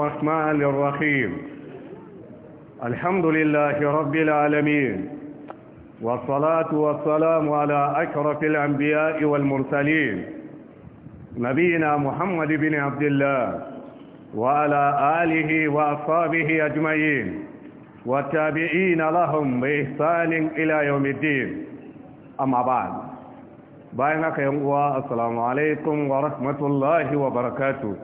الرحمن الرحيم الحمد لله رب العالمين والصلاة والسلام على أشرف الأنبياء والمرسلين نبينا محمد بن عبد الله وعلى آله وأصحابه أجمعين والتابعين لهم بإحسان إلى يوم الدين أما بعد بينك يوم السلام عليكم ورحمة الله وبركاته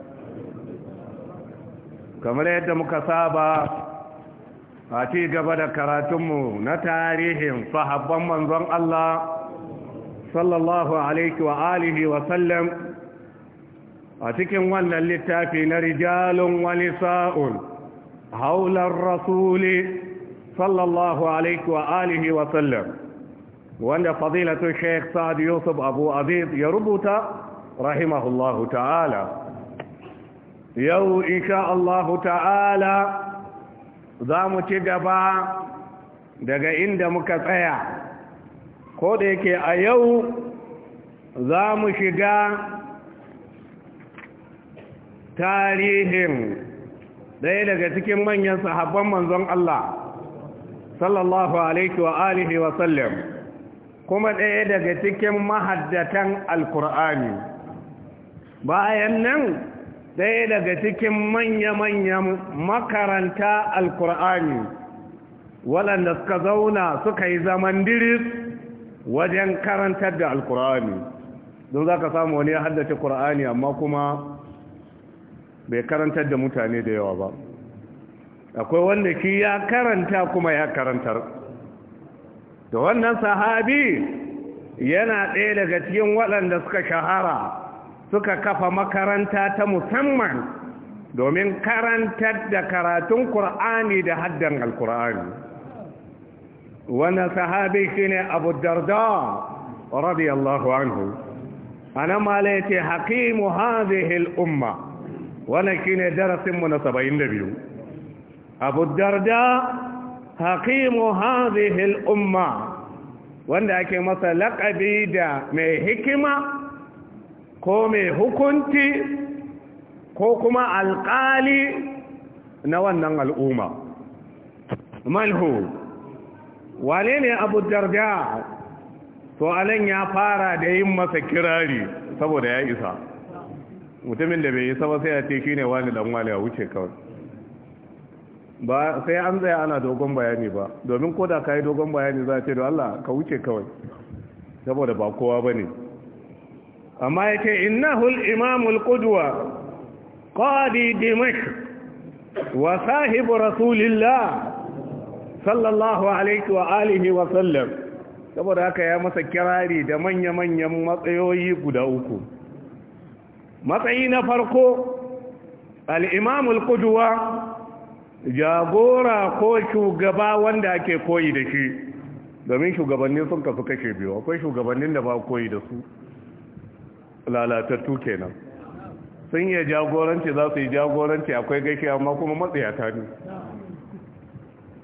kamar yadda muka saba a ci gaba da karatunmu na tarihin sahabban manzon Allah sallallahu alaihi wa alihi wa sallam a cikin wannan littafi na rijalun wani sa'un haular rasuli sallallahu alaihi wa alihi wa sallam wanda fadilatu Sheik sa'ad yusuf abu aziz ya rubuta rahimahullahu ta'ala yau insha Allah ta'ala za mu ci gaba daga inda muka tsaya ko da yake a yau za mu shiga tarihin ɗaya daga cikin manyan sahabban manzon Allah sallallahu alaihi wa alihi wa sallam kuma ɗaya daga cikin mahaddatan alkur'ani bayan nan ɗaya daga cikin manya-manyan makaranta alkur'ani waɗanda suka zauna suka yi zaman diris wajen karantar da alkur'ani don za ka samu wani ya haddace kur'ani amma kuma bai karantar da mutane da yawa ba akwai wanda ki ya karanta kuma ya karantar da wannan sahabi yana ɗaya daga cikin waɗanda suka shahara suka kafa makaranta ta musamman domin karantar da karatun ƙur'ani da haddan alƙur'ani wannan sahabi shine abu darda radiyallahu anhu ana mala ya ce hakimu hazihil umma wannan shine darasinmu na 72 abu darda hakimu hazihil umma wanda ake masa laƙabi da mai hikima ko mai hukunci ko kuma alƙali na wannan al'umma malhu wane ne abu darda to alan ya fara da yin masa kirari saboda ya isa mutumin da bai yi saba sai ya ce shi ne wani danwale ya wuce kawai ba sai an zai ana dogon bayani ba domin ko ka yi dogon bayani za ce da Allah ka wuce kawai saboda ba kowa ba ne amma yake innahul imamul qudwa qadi dimash wa sahibu rasulillah sallallahu alaihi wa alihi wa sallam saboda haka ya masa kirari da manya-manyan matsayoyi guda uku matsayi na farko al'imamul kuduwa jagora ko shugaba wanda ake koyi da shi domin shugabannin sun kasu kashe biyu akwai shugabannin da ba koyi da su lalatattu kenan sun yi jagoranci za su yi jagoranci akwai gaishe amma kuma matsayata ne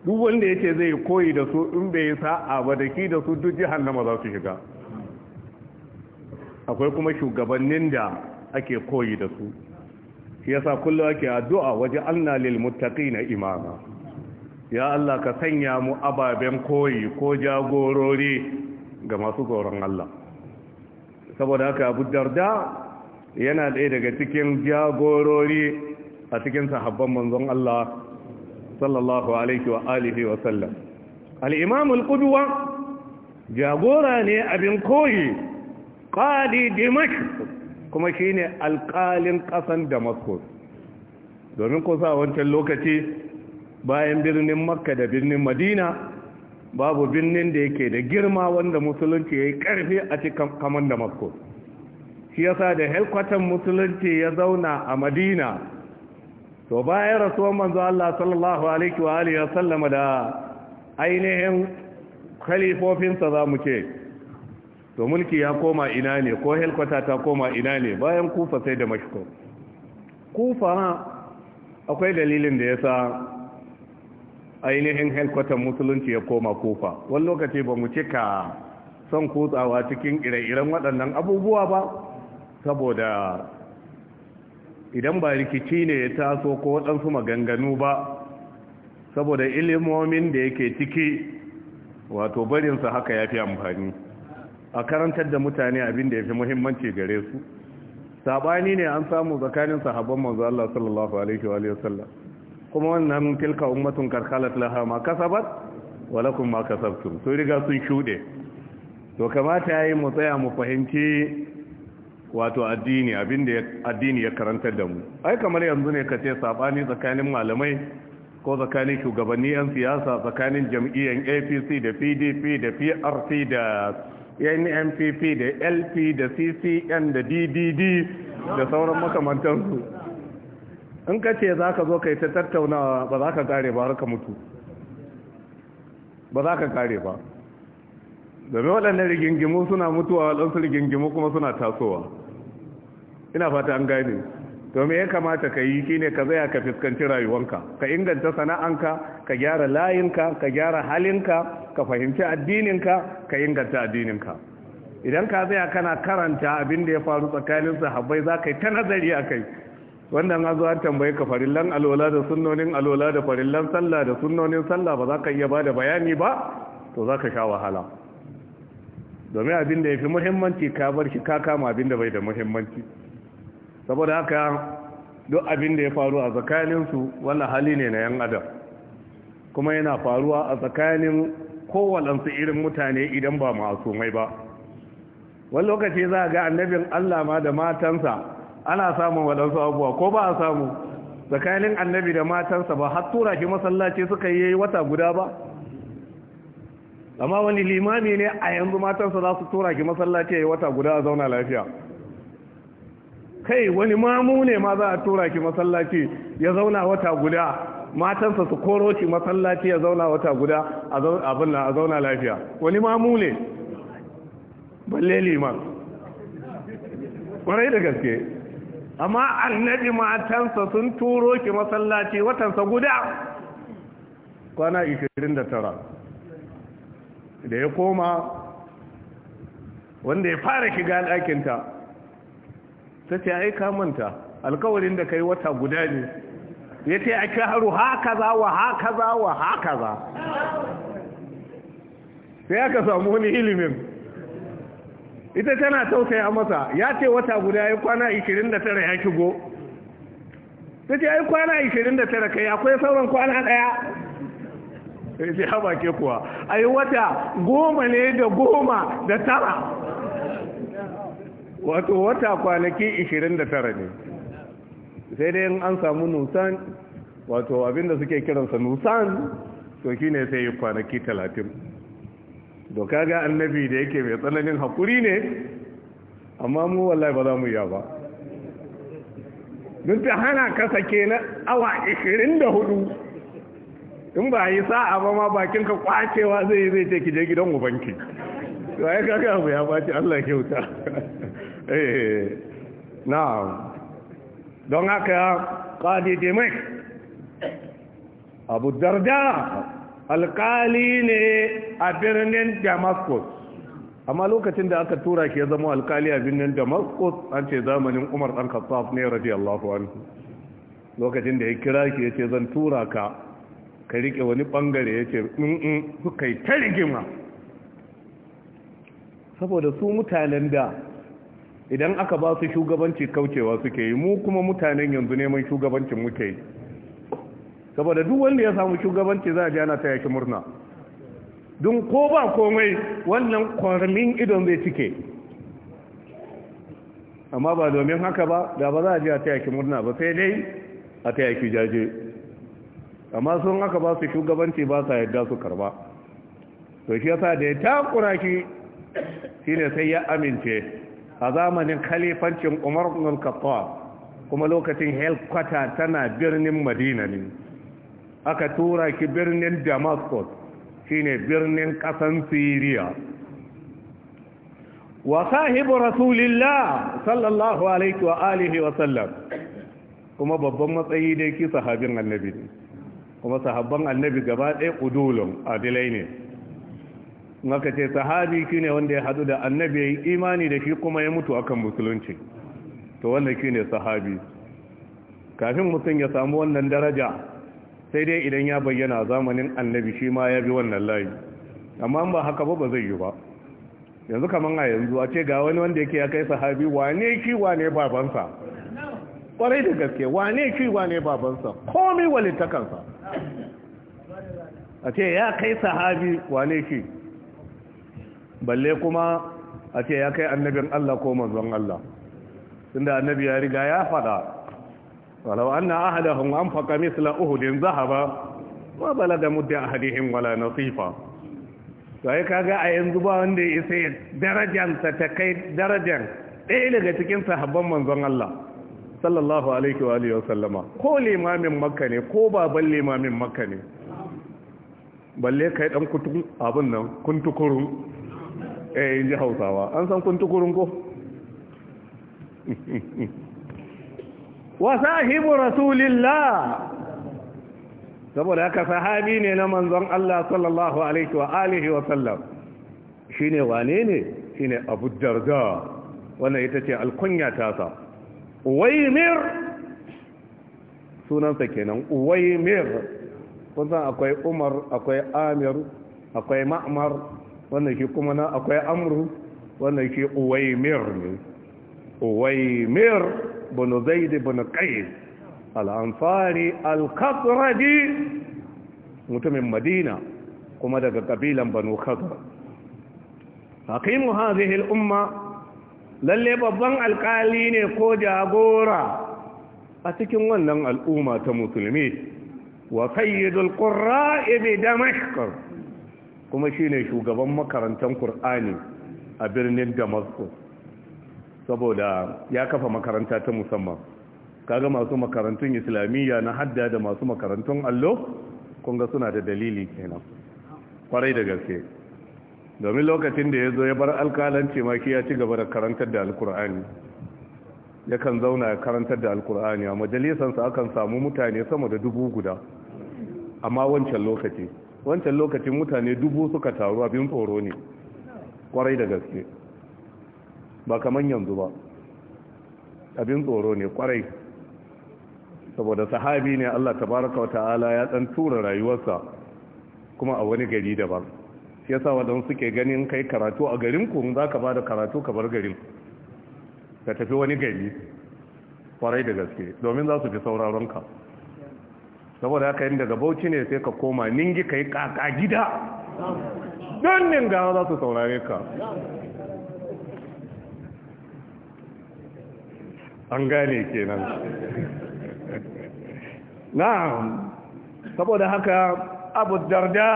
duk wanda ya ce zai koyi da su in bai yi sa'a ba da ki da su duk nama za su shiga akwai kuma shugabannin da ake koyi da su shi yasa kullum ake addu'a waje na lil na imama ya Allah ka sanya mu ababen koyi ko jagorori ga masu tsoron Allah saboda haka abu darda yana ɗaya daga cikin jagorori a cikin sahabban manzon Allah sallallahu alaihi wa alihi wa sallam al-imam jagora ne abin koyi qadi Dimash, kuma shine alƙalin ƙasan damascus domin kusa wancan lokaci bayan birnin makka da birnin madina babu birnin da yake da girma wanda musulunci ya yi ƙarfi a cikin kamar da masko shi yasa da helkwatan musulunci ya zauna a madina to bayan rasuwan manzo Allah sallallahu alaihi wa alihi wa sallama da ainihin kalifofinsa za mu ce to mulki ya koma ina ne ko helkwata ta koma ina ne bayan kufa sai da mashko kufa akwai dalilin da ya sa. ainihin helkwatan musulunci ya koma kofa wani lokaci ba mu cika son kutsawa cikin ire-iren waɗannan abubuwa ba saboda idan ba rikici ne ya taso ko waɗansu maganganu ba saboda ilimomin da yake ciki wato barinsa haka ya fi amfani a karantar da mutane abin da ya fi muhimmanci gare su saɓani ne an samu tsakanin sahabban manzo Allah sallallahu alaihi wa sallam kuma wannan tilka ummatun karkalat laha ma kasabat wa lakum ma kasabtum to riga sun shude to kamata yayi mu tsaya mu fahimci wato addini abinda addini ya karanta da mu ai kamar yanzu ne kace sabani tsakanin malamai ko tsakanin shugabanni yan siyasa tsakanin jam'iyyar APC da PDP da PRC da NMPP da LP da CCN da DDD da sauran makamantansu in ka ce za ka zo ka yi ta tattaunawa ba za ka kare ba har ka mutu ba za ka kare ba domin waɗannan rigingimu suna mutuwa waɗansu rigingimu kuma suna tasowa ina fata an gane domin ya kamata ka yi shi ne ka zaya ka fuskanci rayuwanka ka inganta sana'anka ka gyara layinka ka gyara halinka ka fahimci addininka ka inganta addininka idan ka zaya kana karanta abin da ya faru tsakanin sahabbai za ka yi ta nazari a kai Wannan an zo an tambayi ka farillan alola da sunnonin alwala da farillan sallah da sunnonin sallah ba za ka iya bada bayani ba to za ka sha wahala domin abin da ya fi muhimmanci ka bar shi ka kama abin da bai da muhimmanci saboda haka duk abin da ya faru a tsakaninsu wannan hali ne na yan adam kuma yana faruwa a tsakanin kowalansu irin mutane idan ba masu mai ba wani lokaci za a ga annabin allah ma da matansa ana samun waɗansu abubuwa ko ba a samu tsakanin annabi da matansa ba har tura shi masallaci suka yi wata guda ba amma wani limami ne a yanzu matansa za su tura ki masallaci ya yi wata guda a zauna lafiya kai wani mamu ne ma za a tura ki masallaci ya zauna wata guda matansa su koro shi masallaci ya zauna wata guda a zauna lafiya wani mamu ne balle liman kwarai da gaske amma annabi matansa sun turo ki masallaci watansa guda kwana 29 da ya koma wanda ya fara shiga ɗakinta ta ce aika manta alkawarin da kai wata guda ne ya ce a shaharu haka za wa haka za wa haka za sai aka samu wani ilimin ita tana tausaya masa ya ce wata guda ya kwana 29 ya shigo ta ce ya yi kwana 29 kai akwai sauran kwana daya ya ce haba ke kuwa a yi wata goma ne da goma da tara wato wata kwanaki 29 ne sai dai an samu nusan wato abinda suke kiransa nusan to shine sai kwanaki talatin. doka ga annabi da yake mai tsananin haƙuri ne amma mu wallahi ba za mu iya ba duk da hana kasa ke na awa 24 in ba yi sa'a ba ma bakin ka kwacewa zai yi zai teki ki je gidan ubanki to ai abu ya bace Allah kyauta eh, na don haka qadi abu darda alkali ne a birnin damascus amma lokacin da aka tura ke zama alkali a birnin damascus an ce zamanin umar ɗan kasaf ne radiyallahu anhu lokacin da ya kira ke ya ce zan tura ka ka rike wani bangare ya ce in suka yi ta rigima saboda su mutanen da idan aka ba su shugabanci kaucewa suke yi mu kuma mutanen yanzu neman shugabancin muke yi saboda duk wanda ya samu shugabanci za a ji ana ta murna don ko ba komai wannan kwarmin idon zai cike amma ba domin haka ba da ba za a ji a ta yaki murna ba sai dai a ta yaki jaje amma sun haka ba su shugabanci ba sa yadda su karba to shi yasa da ya takura ki shine sai ya amince a zamanin kalifancin Umar kuma lokacin helkwata tana birnin Madina ne aka tura ki birnin damascus shine birnin kasan syria wa sahibu rasulillah sallallahu alaihi wa alihi wa sallam kuma babban matsayi dai ki sahabin annabi ne kuma sahabban annabi gaba ɗaya ƙudulun adilai ne maka ce sahabi ne wanda ya hadu da annabi ya yi imani da shi kuma ya mutu akan musulunci to wanda ki ne sahabi kafin mutum ya samu wannan daraja sai dai idan ya bayyana zamanin annabi shi ma ya bi wannan layi amma ba haka ba ba zai yi ba yanzu kaman a yanzu a ce ga wani wanda yake ya kai sahabi wane shi wane babansa kwarai da gaske wane shi wane babansa komi walittakansa a ce ya kai sahabi wane shi balle kuma a ce ya kai annabin Allah ko manzon Allah tunda annabi ya riga ya fada walau anna ahadahum anfaqa mithla uhudin zahaba wa balaga mudda ahadihim wala nasifa ka ga a yanzu ba wanda ya isa darajansa ta kai darajan ɗaya daga cikin sahabban manzon Allah sallallahu alaihi wa alihi ko limamin ne ko baban limamin ne balle kai dan kutun abin nan kuntukurun eh inji hausawa an san kuntukurun ko wa sahibu rasulillah saboda haka sahabi ne na manzon Allah sallallahu alaihi wa alihi wa sallam shine wane ne shine Abu Darda wannan ita ce alkunya ta sa Uwaymir sunansa kenan Uwaymir kun san akwai Umar akwai Amir akwai Ma'mar wannan shi kuma na akwai Amru wannan shi Uwaymir ne Uwaymir bin zaid bin qais al-ansari al-khazraji mutumin madina kuma daga kabilan banu khazraj hakimu hadhihi al-umma lalle babban alƙali ne ko jagora a cikin wannan al'umma ta musulmi wa sayyidul qurra'i bi damashq kuma shine shugaban makarantar Kur'ani a birnin damascus saboda ya kafa makaranta ta musamman kaga masu makarantun islamiyya na hadda da masu makarantun allo kunga suna da dalili kenan kwarai da gaske domin lokacin da ya zo ya bar alkalanci maki ya ci gaba da karantar da alkur'ani yakan zauna ya karantar da alkur'ani a majalisansa akan samu mutane sama da dubu guda amma wancan lokaci wancan lokacin mutane dubu suka taru abin tsoro ne kwarai da gaske ba kaman yanzu ba abin tsoro ne kwarai saboda sahabi ne Allah tabaraka wa ta'ala ya dan tura rayuwarsa kuma a wani gari daban shi yasa wadan suke ganin kai karatu a garin ku ka bada karatu ka bar garin ka tafi wani gari kwarai da gaske domin za su fi sauraron ka saboda haka yin daga bauchi ne sai ka koma ningi kai kaka gida don ninga za su saurare ka an gane kenan na'am saboda haka abu darda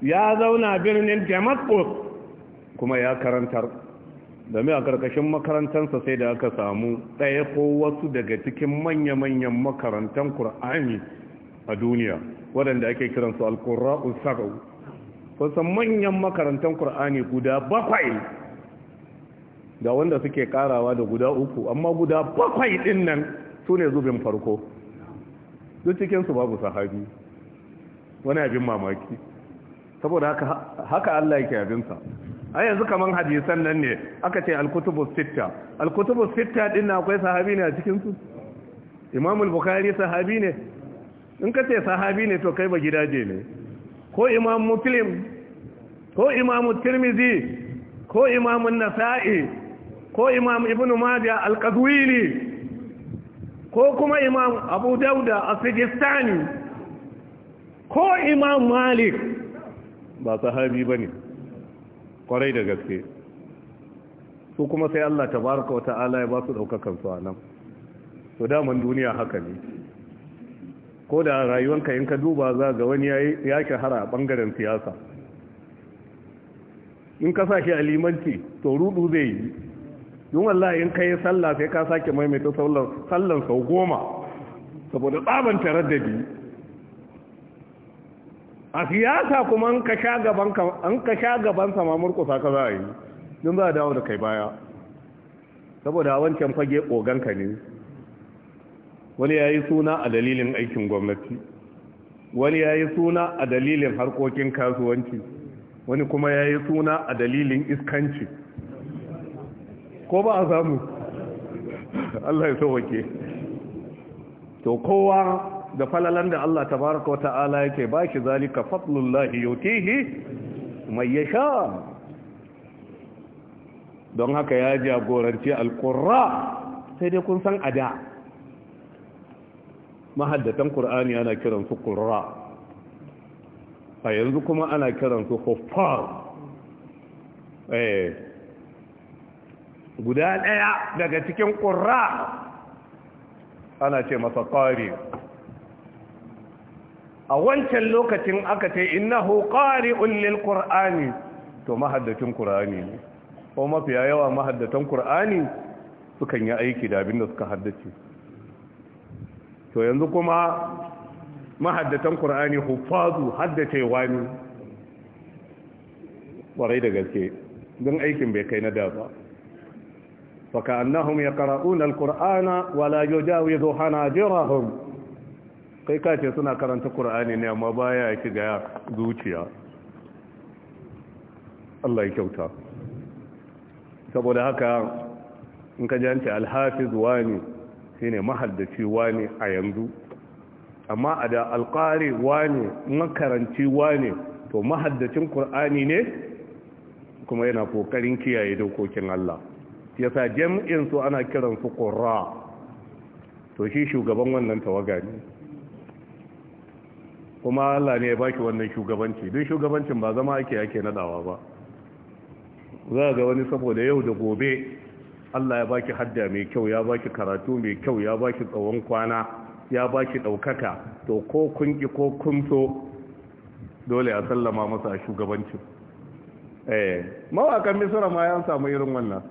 ya zauna birnin damascus kuma ya karantar domin a karkashin makarantarsa sai da aka samu ɗaya ko wasu daga cikin manya-manyan makarantar ƙur'ani a duniya waɗanda ake kiransu alƙura'u sarau kusan manyan makarantar ƙur'ani guda bakwai ga wanda suke karawa da guda uku amma guda bakwai din nan su ne zubin farko duk cikinsu babu sahabi wani abin mamaki saboda haka Allah yake abinsa a yanzu kaman hadisan nan ne aka ce alkutubu sitta alkutubu sitta din na akwai sahabi ne a cikinsu imamul bukari sahabi ne in ka ce sahabi ne to kai ba gidaje ne ko imam muslim ko imam tirmizi ko imam nasa'i ko imam ibn majah al-qadwini ko kuma imam abu dauda as-sijistani ko imam malik ba sahabi bane kwarai da gaske su kuma sai Allah tabaraka wata'ala ya ba su daukakan su anan to daman duniya haka ne ko da rayuwanka in ka duba za ga wani ya shahara a bangaren siyasa in ka sa shi a limanci to rudu zai yi yun wallahi in ka yi sallah sai ka sake maimaita sallan sau goma saboda tsaban taraddadi a siyasa kuma an ka sha gaban sama murkusa ka za a yi don za a dawo da kai baya saboda wancan fage oganka ne wani ya yi suna a dalilin aikin gwamnati wani ya yi suna a dalilin harkokin kasuwanci wani kuma ya yi suna a dalilin iskanci ko ba a samu Allah ya sauwake to kowa da falalan da Allah tabaraka wa ta'ala yake shi zalika fadlullahi yutihi mai yasha don haka ya jagoranci alqurra sai dai kun san ada mahaddatan qur'ani ana kiran su a yanzu kuma ana kiransu su guda ɗaya daga cikin ƙura ana ce masa ƙari a wancan lokacin aka ce innahu ƙari ullil ƙura'ani to mahaddacin ƙura'ani ne ko mafiya yawa mahaddatan ƙur'ani sukan yi aiki da abin da suka haddace to yanzu kuma mahaddatan ƙura'ani hufazu haddace wani ƙwarai da gaske don aikin bai kai na da ba فكأنهم يقرؤون القرآن ولا يجاوز حناجرهم kai ka ce suna karanta Kur'ani ne amma baya ya shiga zuciya Allah ya kyauta saboda haka in ka janci alhafiz wani shine mahaddaci wani a yanzu amma a da alƙari wani makaranci wani to mahaddacin ƙur'ani ne kuma yana ƙoƙarin kiyaye dokokin Allah yasa jam'in su ana kiran su ƙorra to shi shugaban wannan tawaga ne kuma Allah ne ya baki wannan shugabanci duk shugabancin ba zama ake ake nadawa ba za ga wani saboda yau da gobe Allah ya baki hadda mai kyau ya ki karatu mai kyau ya ki tsawon kwana ya ki daukaka to ko kun ki ko kun so dole a sallama masa a shugabancin eh mawakan misira ma ya samu irin wannan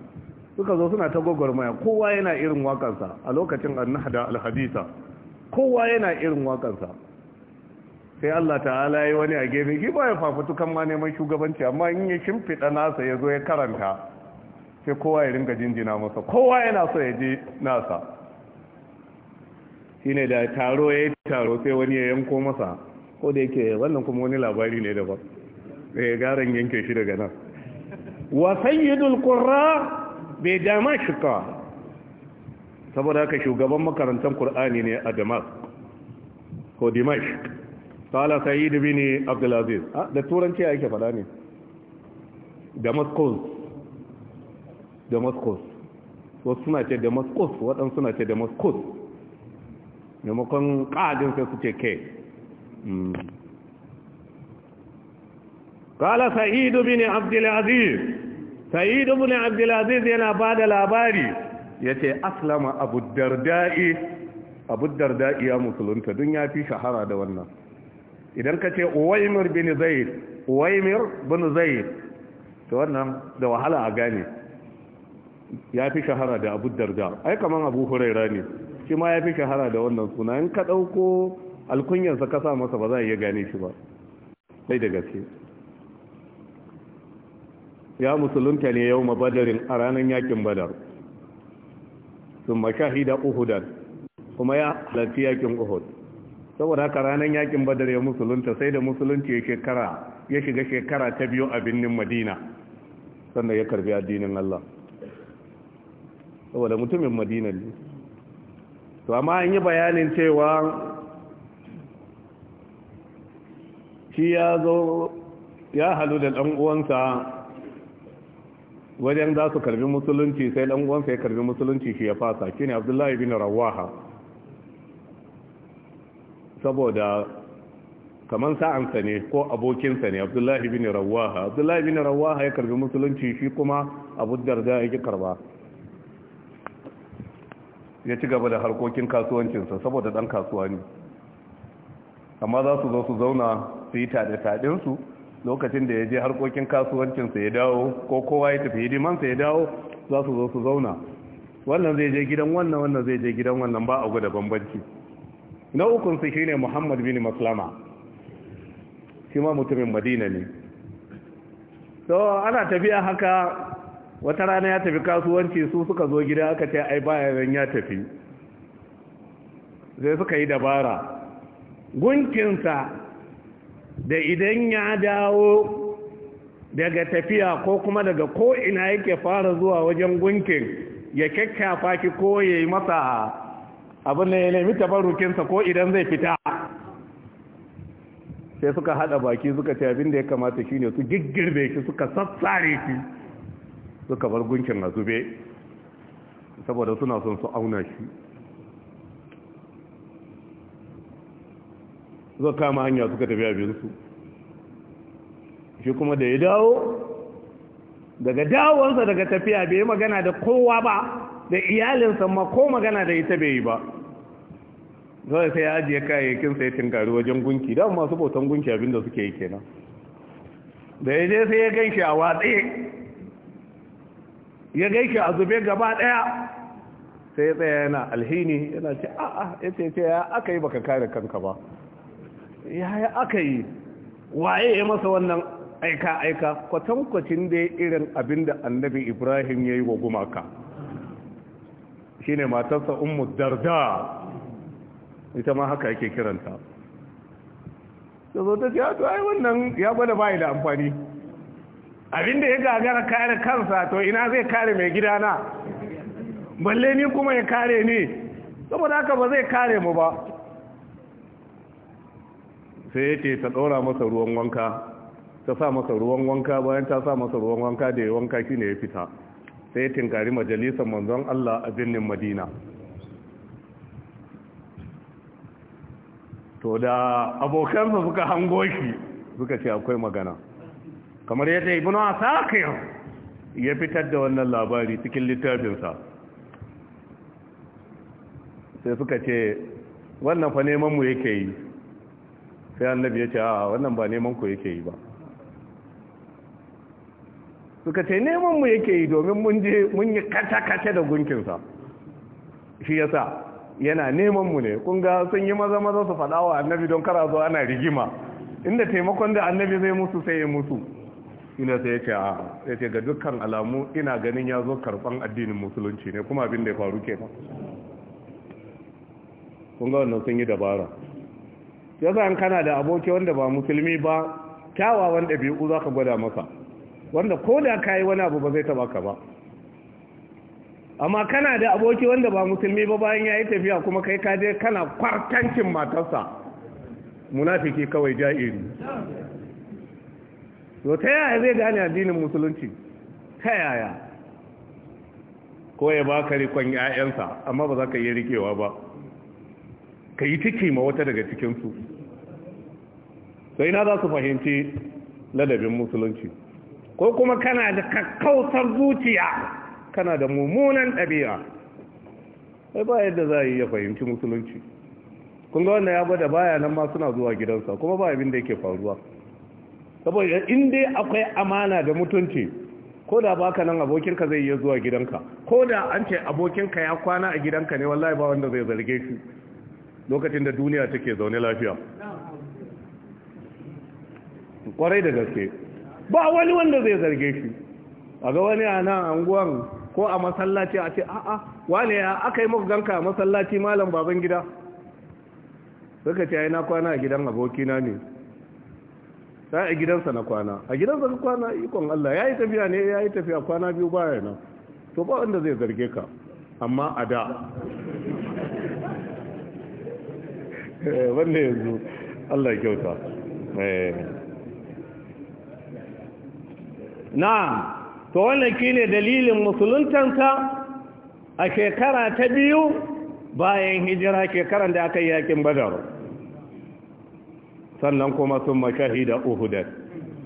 suka zo suna ta gwagwarmaya kowa yana irin wakansa a lokacin annahda alhadisa kowa yana irin wakansa sai Allah ta'ala yi wani a gefe ki ba ya fafutukan ma neman shugabanci amma in ya shimfiɗa nasa ya zo ya karanta sai kowa ya ringa jinjina masa kowa yana so ya ji nasa shine da taro ya yi taro sai wani ya yanko masa ko da yake wannan kuma wani labari ne daban ya garan yanke shi daga nan wa sayyidul qurra bai dama shi ka saboda haka shugaban makarantar Kur'ani ne a Damas ko Dimash. tsala sayi bin Abdul Aziz ah, da turanci yake fada ne Damascus Damascus wasu suna ce Damascus waɗansu suna ce Damascus maimakon ƙadin sai su ce ke قال سعيد بن عبد العزيز sa'id ibn abdulaziz yana bada labari ya ce aslama abu darda'i abu darda'i ya musulunta don ya fi shahara da wannan idan ka ce uwaimir bin zaid uwaimir bin zaid to wannan da wahala a gane ya fi shahara da abu darda ai kaman abu huraira ne shi ma ya fi shahara da wannan suna in ka ɗauko alkunyarsa ka sa masa ba za a iya gane shi ba sai da gaske ya musulunta ne yau badarin a ranar yakin badar sun mashahida uhudan kuma ya halarci yakin uhud saboda haka ranar yakin badar ya musulunta sai da musulunci ya shiga shekara ta biyu a birnin madina sannan ya karbi addinin allah saboda mutumin madina ne to amma an yi bayanin cewa shi ya zo ya halu da ɗan uwansa wajen za su karbi musulunci sai ɗan uwansa ya karbi musulunci shi ya fasa shi ne Abdullahi bin Rawaha saboda kaman sa'ansa ne ko abokinsa ne Abdullahi bin Rawaha Abdullahi bin Rawaha ya karbi musulunci shi kuma Abu Darda ya karba ya ci gaba da harkokin kasuwancinsa saboda ɗan kasuwa ne amma za su zo su zauna su yi taɗe-taɗensu lokacin da ya je harkokin kasuwancinsa ya dawo ko kowa ya tafi hidimansa ya dawo za su zo su zauna wannan zai je gidan wannan wannan zai je gidan wannan ba a gwada bambanci na ukunsu shi ne muhammad bin maslama shi ma mutumin madina ne so ana tafiya haka wata rana ya tafi kasuwanci su suka zo gida aka ce ai bayan ya tafi Zai suka yi dabara gunkinsa da idan ya dawo daga tafiya ko kuma daga ko'ina yake fara zuwa wajen gunkin ya kyakkyafa ki ko ya yi masa abin da ya nemi tabarukinsa ko idan zai fita sai suka hada baki suka ce abin da ya kamata shine su giggirbe shi suka sassare shi suka bar gunkin na zube saboda suna son su auna shi suka kama hanya suka tafi abinsu shi kuma da ya dawo daga dawonsa daga tafiya bai yi magana da kowa ba da iyalinsa ma ko magana da ita bai yi ba zai sai ya ajiye kayayyakin sai tinkari wajen gunki don masu gunki abinda suke yi kenan da ya je sai ya gan shi a watsi ya gan shi a zube gaba daya sai ya tsaya yana alhini yana ce a'a ya ce ya aka yi baka kare kanka ba Ya yaya aka yi waye ya masa wannan aika-aika kwatankwacin da ya irin abin da annabi ibrahim ya yi wa gumaka shi ne matarsa ummu darda ita ma haka yake kiranta da zo ta ce hatu ah, ai wannan ya gwada bayi da amfani abin da ya gagara kare kansa to ina zai kare mai gidana balle ni kuma ya kare ne saboda haka ba zai kare mu ba sai ya ta ɗora masa ruwan wanka ta sa masa ruwan wanka bayan ta sa masa ruwan wanka da ya wanka shi ne ya fita sai ya tinkari majalisar manzon Allah a birnin Madina to da abokansa suka hango shi suka ce akwai magana kamar yadda ibn asakir ya fitar da wannan labari cikin littafinsa sai suka ce wannan fa neman mu yake yi sai annabi ya ce a wannan ba neman ku yake yi ba suka ce neman mu yake yi domin mun je mun yi kace-kace da gunkinsa shi sa yana neman mu ne kun ga sun yi maza maza su faɗa wa annabi don kara zuwa ana rigima inda taimakon da annabi zai musu sai ya mutu ina sai ya ce a ya ce ga dukkan alamu ina ganin ya zo karɓan addinin musulunci ne kuma abin da ya faru kenan kun ga wannan sun yi dabara Yanzu an kana da aboki wanda ba musulmi ba kyawawan ɗabi'u za ka gwada masa wanda ko da ka wani abu ba zai taba ka ba amma kana da aboki wanda ba musulmi ba bayan ya yi tafiya kuma kai ka je kana kwartancin matarsa munafiki kawai ja'iri to ta yaya zai gane addinin musulunci ta yaya ko ya baka rikon 'ya'yansa amma ba za ka yi rikewa ba ka yi ciki ma wata daga cikinsu sai na za su fahimci ladabin musulunci ko kuma kana da kakkautar zuciya kana da mummunan ɗabi'a sai ba yadda za a yi ya fahimci musulunci kun ga wanda ya gwada baya nan ma suna zuwa gidansa kuma ba abin da yake faruwa saboda in dai akwai amana da mutunci ko da baka nan abokinka zai iya zuwa gidanka ko da an ce abokinka ya kwana a gidanka ne wallahi ba wanda zai zarge shi lokacin da duniya take zaune lafiya kwarai da gaske ba wani wanda zai zarge shi a ga wani a nan anguwan ko a masallaci a ce a'a wane ya aka yi muku ganka a masallaci malam baban gida suka ce na kwana a gidan abokina ne sai a gidansa na kwana a gidansa na kwana ikon Allah ya yi tafiya ne ya yi tafiya kwana biyu baya nan to ba wanda zai zarge ka amma a da eh, wanda yanzu Allah kyauta eh. na to wannan shine dalilin musuluntansa a shekara ta biyu bayan hijira shekaran da aka yi yakin badar sannan kuma sun mashahida da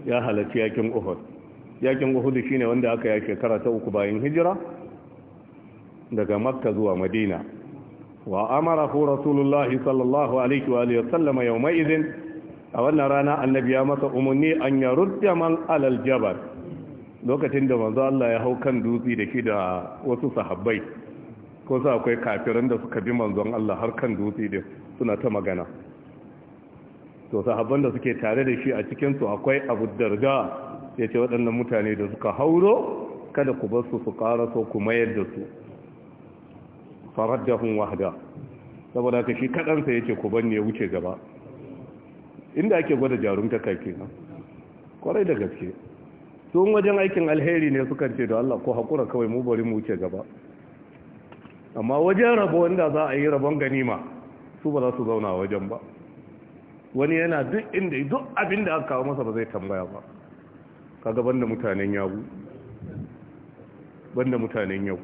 ya halarci yakin uhud yakin uhud shine wanda aka yi shekara ta uku bayan hijira daga makka zuwa madina wa amarahu rasulullahi sallallahu alaihi wa alihi sallama mai idin a wannan rana annabi ya masa umarni an yarudda man alal jabal lokacin da manzo Allah ya hau kan dutsi da shi da wasu sahabbai ko sa akwai kafiran da suka bi manzon Allah har kan dutse da suna ta magana to sahabban da suke tare da shi a cikin su akwai Abu Darda yace waɗannan mutane da suka hauro kada ku bar su su so ku mayar da su faraddahum wahda saboda ka shi sa yace ku bar ne wuce gaba inda ake gwada jarumta kai kenan kwarai da gaske tun wajen aikin alheri ne sukan ce da Allah ko hakura kawai mu bari mu wuce gaba amma wajen rabo wanda za a yi rabon ganima su ba za su zauna wajen ba wani yana duk inda duk abin da aka kawo masa ba zai tambaya ba kaga banda mutanen yawu banda mutanen yau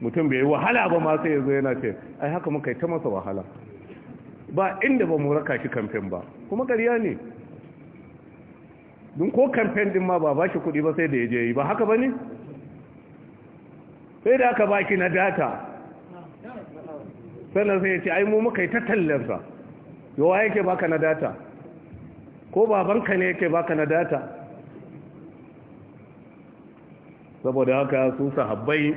mutum bai yi wahala ba ma sai yazo yana ce ai haka muka yi ta masa wahala ba inda ba mu raka shi kamfen ba kuma ƙarya ne Dun ko kamfen din ma ba ba shi kuɗi ba sai da ya yi ba haka ba ne sai da aka baki na data sannan sai ya ce ai mu muka yi ta yawa yake baka na data ko babanka ne yake baka na data saboda haka su sahabbai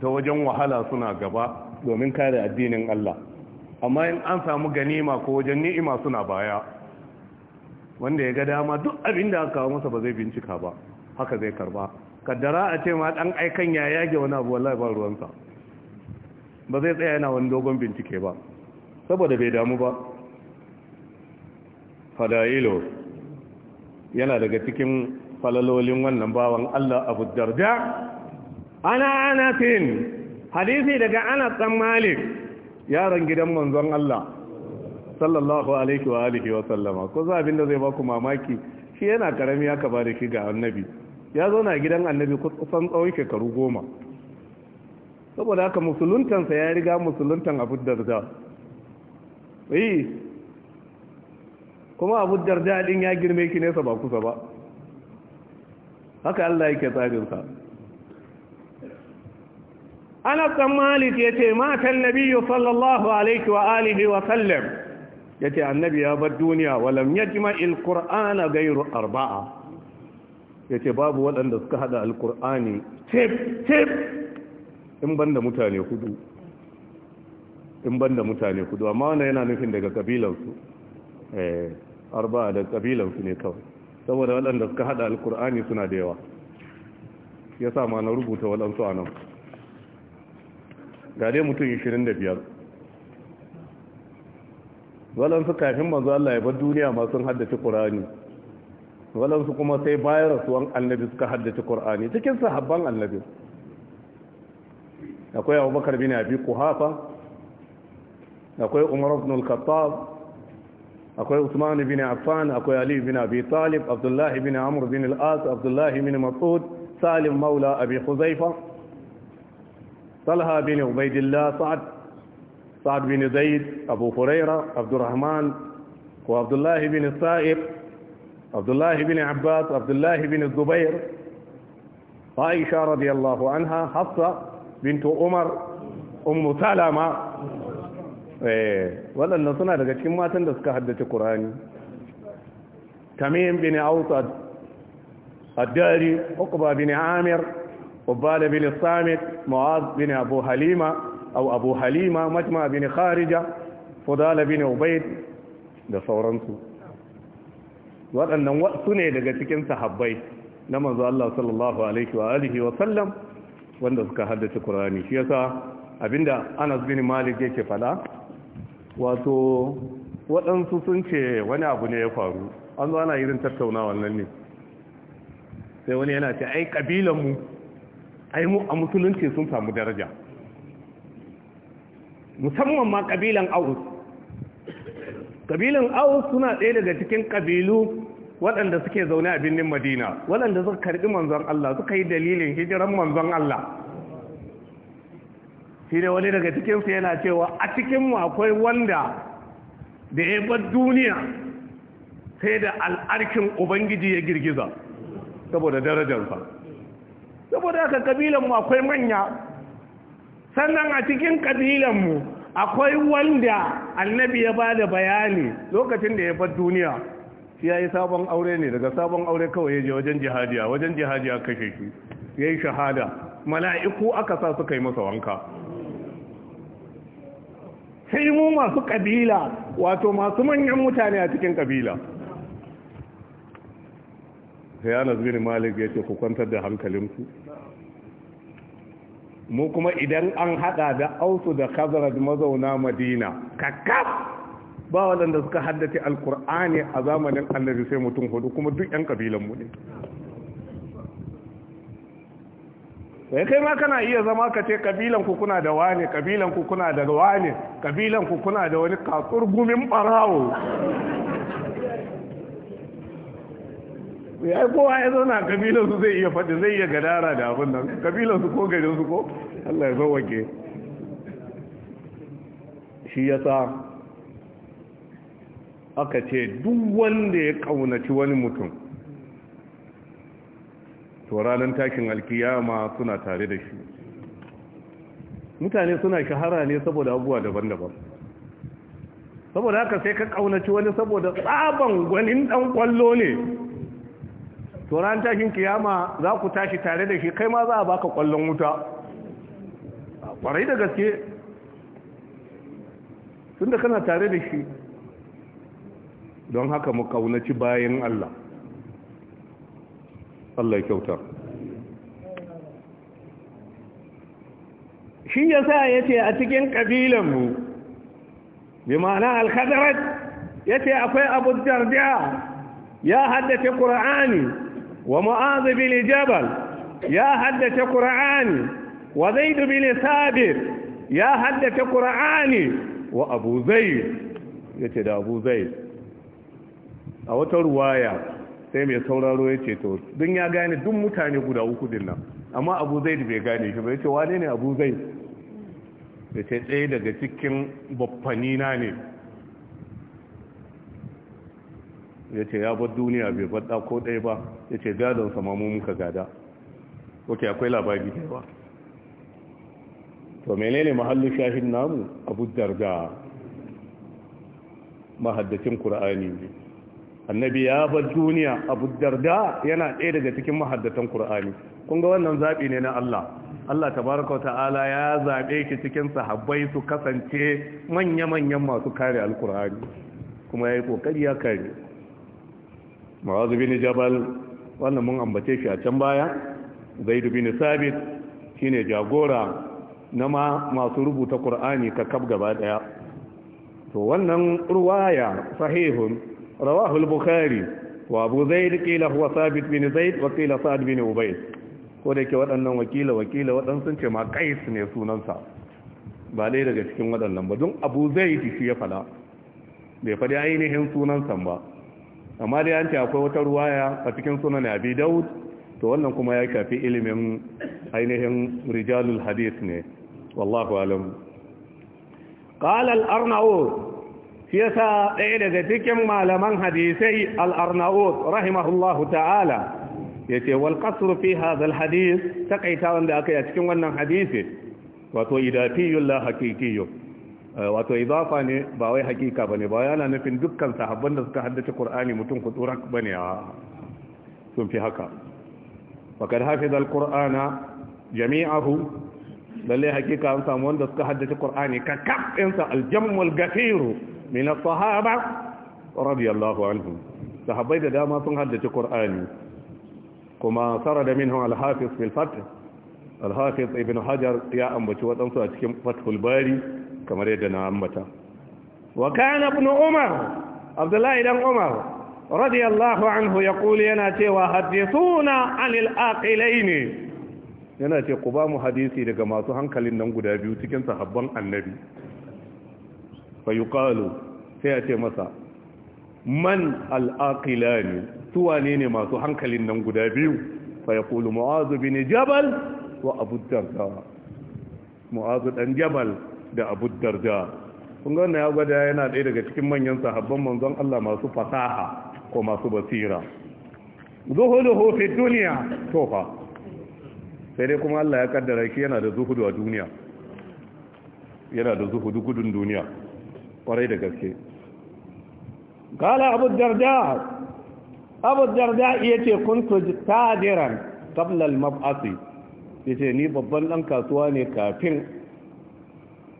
ta wajen wahala suna gaba domin kare addinin Allah amma in an samu ganima ko wajen ni'ima suna baya wanda ya ga dama duk abin da aka kawo masa ba zai bincika ba haka zai karba kaddara a ce ma dan aikan ya yage wani abu wallahi ba ruwansa ba zai tsaya yana wani dogon bincike ba saboda bai damu ba fada'ilo yana daga cikin falalolin wannan bawan Allah Abu Darda ana anatin hadisi daga Anas dan Malik yaron gidan manzon Allah sallallahu alaihi wa alihi wa sallama ko za abin da zai baku mamaki shi yana karami aka bare shi ga annabi ya zauna a gidan annabi kusan tsawon shekaru goma saboda haka musuluntansa ya riga musuluntan abu darja yi kuma abu darja din ya girme ki nesa ba kusa ba haka Allah yake tsarinsa ana dan Malik ce matan nabi sallallahu alaihi wa alihi wa sallam yace annabi ya bar duniya walam yajma alqur'ana ghayru arba'a yace babu waɗanda suka hada alqur'ani tip tip in banda mutane hudu in banda mutane hudu amma wannan yana nufin daga kabilansu eh arba'a da kabilansu ne kawai saboda waɗanda suka hada alqur'ani suna da yawa yasa ma na rubuta waɗansu anan ga dai mutum 25 walansu kafin manzo Allah ya bar duniya ma sun haddace Qur'ani walansu kuma sai bayar su rasuwan annabi suka haddace Qur'ani cikin sahabban annabi akwai Abubakar bin Abi Quhafa akwai Umar ibn al-Khattab akwai Uthman bin Affan akwai Ali bin Abi Talib Abdullah bin Amr bin al-As Abdullah bin Mas'ud Salim maula Abi Huzaifa Talha bin Ubaidillah Sa'ad. سعد بن زيد أبو فريرة عبد الرحمن وعبد الله بن الصائب عبد الله بن عباس عبد الله بن الزبير عائشة رضي الله عنها حفصة بنت عمر أم سلمة إيه، ولا نصنع لك كما تندس كهدة القرآن تميم بن أوطد الداري عقبة بن عامر عبالة بن الصامت معاذ بن أبو حليمة au abu halima majma bin kharija fudala bin ubaid da sauransu waɗannan wasu ne daga cikin sahabbai na manzo Allah sallallahu alaihi wa alihi wa sallam wanda suka haddace Qur'ani shi yasa abinda Anas bin Malik yake fada wato waɗansu sun ce wani abu ne ya faru an zo ana irin tattaunawa nan ne sai wani yana ce ai kabilan mu ai mu a musulunci sun samu daraja musamman ma kabilan aus kabilan aus suna ɗaya daga cikin kabilu waɗanda suke zaune a birnin madina waɗanda suka karɓi manzon Allah suka yi dalilin hijiran manzon Allah shi ne wani daga cikinsu yana cewa a cikinmu akwai wanda da ya bar duniya sai da al'arkin ubangiji ya girgiza saboda darajarsa saboda haka kabilanmu akwai manya sannan a cikin ƙabilanmu akwai wanda annabi ya ba da bayani lokacin da ya bar duniya shi ya yi sabon aure ne daga sabon aure kawai ya je wajen jihadiya wajen jihadiya kashe shi ya yi shahada mala'iku aka sa suka yi masa wanka sai mu masu ƙabila wato masu manyan mutane a cikin ƙabila sai anas bin malik ya ce ku kwantar da hankalinku mu kuma idan an hada da ausu da khazraj mazauna madina kakkaf ba waɗanda suka haddace alkur'ani a zamanin annabi sai mutum hudu kuma duk yan kabilan mu ne sai eh, kai ma kana iya zama ka ce kabilan ku kuna da wane kabilan ku kuna da wane kabilan ku kuna da wani kasur gumin barawo ya kowa ya zauna kabilansu zai iya faɗi zai iya gadara da abin nan kabilansu ko garinsu ko Allah ya sauwake shi ya sa aka ce duk wanda ya ƙaunaci wani mutum tauranin ranar takin alkiyama suna tare da shi mutane suna shahara ne saboda abubuwa daban-daban saboda haka sai ka ƙaunaci wani saboda tsaban gwanin ɗan ƙwallo ne to tashin kiyama za ku tashi tare da shi kai ma za a baka kwallon wuta kwarai da gaske tun da kana tare da shi don haka mu kaunaci bayan Allah Allah ya kyauta shi ya sa ya ce a cikin ƙabilanmu bi ma'ana alkhadarat ya ce akwai abu dardiya ya haddace ƙura'ani wa mu'az bin jabal ya haddace qur'ani wa zaid bin sabir ya haddace Kur'ani. wa abu zaid yace da abu a wata ruwaya sai mai sauraro ya ce to dun ya gane duk mutane guda uku dinnan. nan amma abu bai gane shi ba yace wane ne abu zaid ce ɗaya daga cikin baffanina ne ya ce ya bar duniya bai bar ko ɗaya ba ya ce gadon samamu muka gada ok akwai labari da yawa to menene mahallin shahin namu abu darga mahaddacin Kur'ani ne annabi ya bar duniya abu darga yana ɗaya daga cikin mahaddatan Kur'ani. kun ga wannan zaɓi ne na Allah Allah tabaraka wa ta'ala ya zaɓe shi cikin sahabbai su kasance manya-manyan masu kare alkur'ani kuma ya yi ƙoƙari ya kare maazu bin jabal wannan mun ambace shi a can baya Zaidu bin sabit shine jagora na ma masu rubuta qur'ani ka kab gaba daya to wannan ruwaya sahihun rawahu al-bukhari wa abu zaid qila huwa sabit bin zaid wa qila sa'd bin ubayd ko da ke waɗannan wakila wakila waɗansu sun ce ma qais ne sunansa ba dai daga cikin waɗannan ba don abu zaid shi ya fada bai faɗi ainihin sunansa ba amma da an akwai wata ruwaya a cikin sunan abi daud to wannan kuma ya kafi ilimin ainihin rijalul hadith ne wallahu alam qala al-arnaud shi yasa ɗaya daga cikin malaman hadisai al-arnaud rahimahullahu ta'ala yace wal qasr fi hadha al-hadith taqaita wanda aka yi a cikin wannan hadisi wato idafiyul la haqiqiyyu wato idafa ne ba wai hakika bane ba yana nufin dukkan sahabban da suka haddace Qur'ani mutum kudurak bane sun fi haka faqad hafiza al-Qur'ana jami'ahu lalle hakika an samu wanda suka haddace Qur'ani ka kafin sa al-jammul min as-sahaba radiyallahu anhum sahabbai da dama sun haddace Qur'ani kuma sarada minhum al-hafiz fil fath al-hafiz ibn hajar ya ambaci wadansu a cikin fathul bari kamar yadda na ambata wa kana ibn umar abdullahi dan umar radiyallahu anhu ya yaqulu yana cewa hadithuna anil aqilaini yana ce ku ba mu hadisi daga masu hankalin nan guda biyu cikin sahabban annabi fa yuqalu sai ya ce masa man al'aƙilani tuwane ne masu hankalin nan guda biyu fa ya mu'azu bin jabal wa abu darda mu'azu dan jabal da abu darda kun ga wannan ya gwada yana ɗaya daga cikin manyan sahabban manzon Allah masu fasaha ko masu basira zuhuduhu fi duniya tofa sai dai kuma Allah ya kaddara shi yana da zuhudu a duniya yana da zuhudu gudun duniya kwarai da gaske kala abu darda abu darda iya ce kuntu tadiran qabla al-mab'ath yace ni babban dan kasuwa ne kafin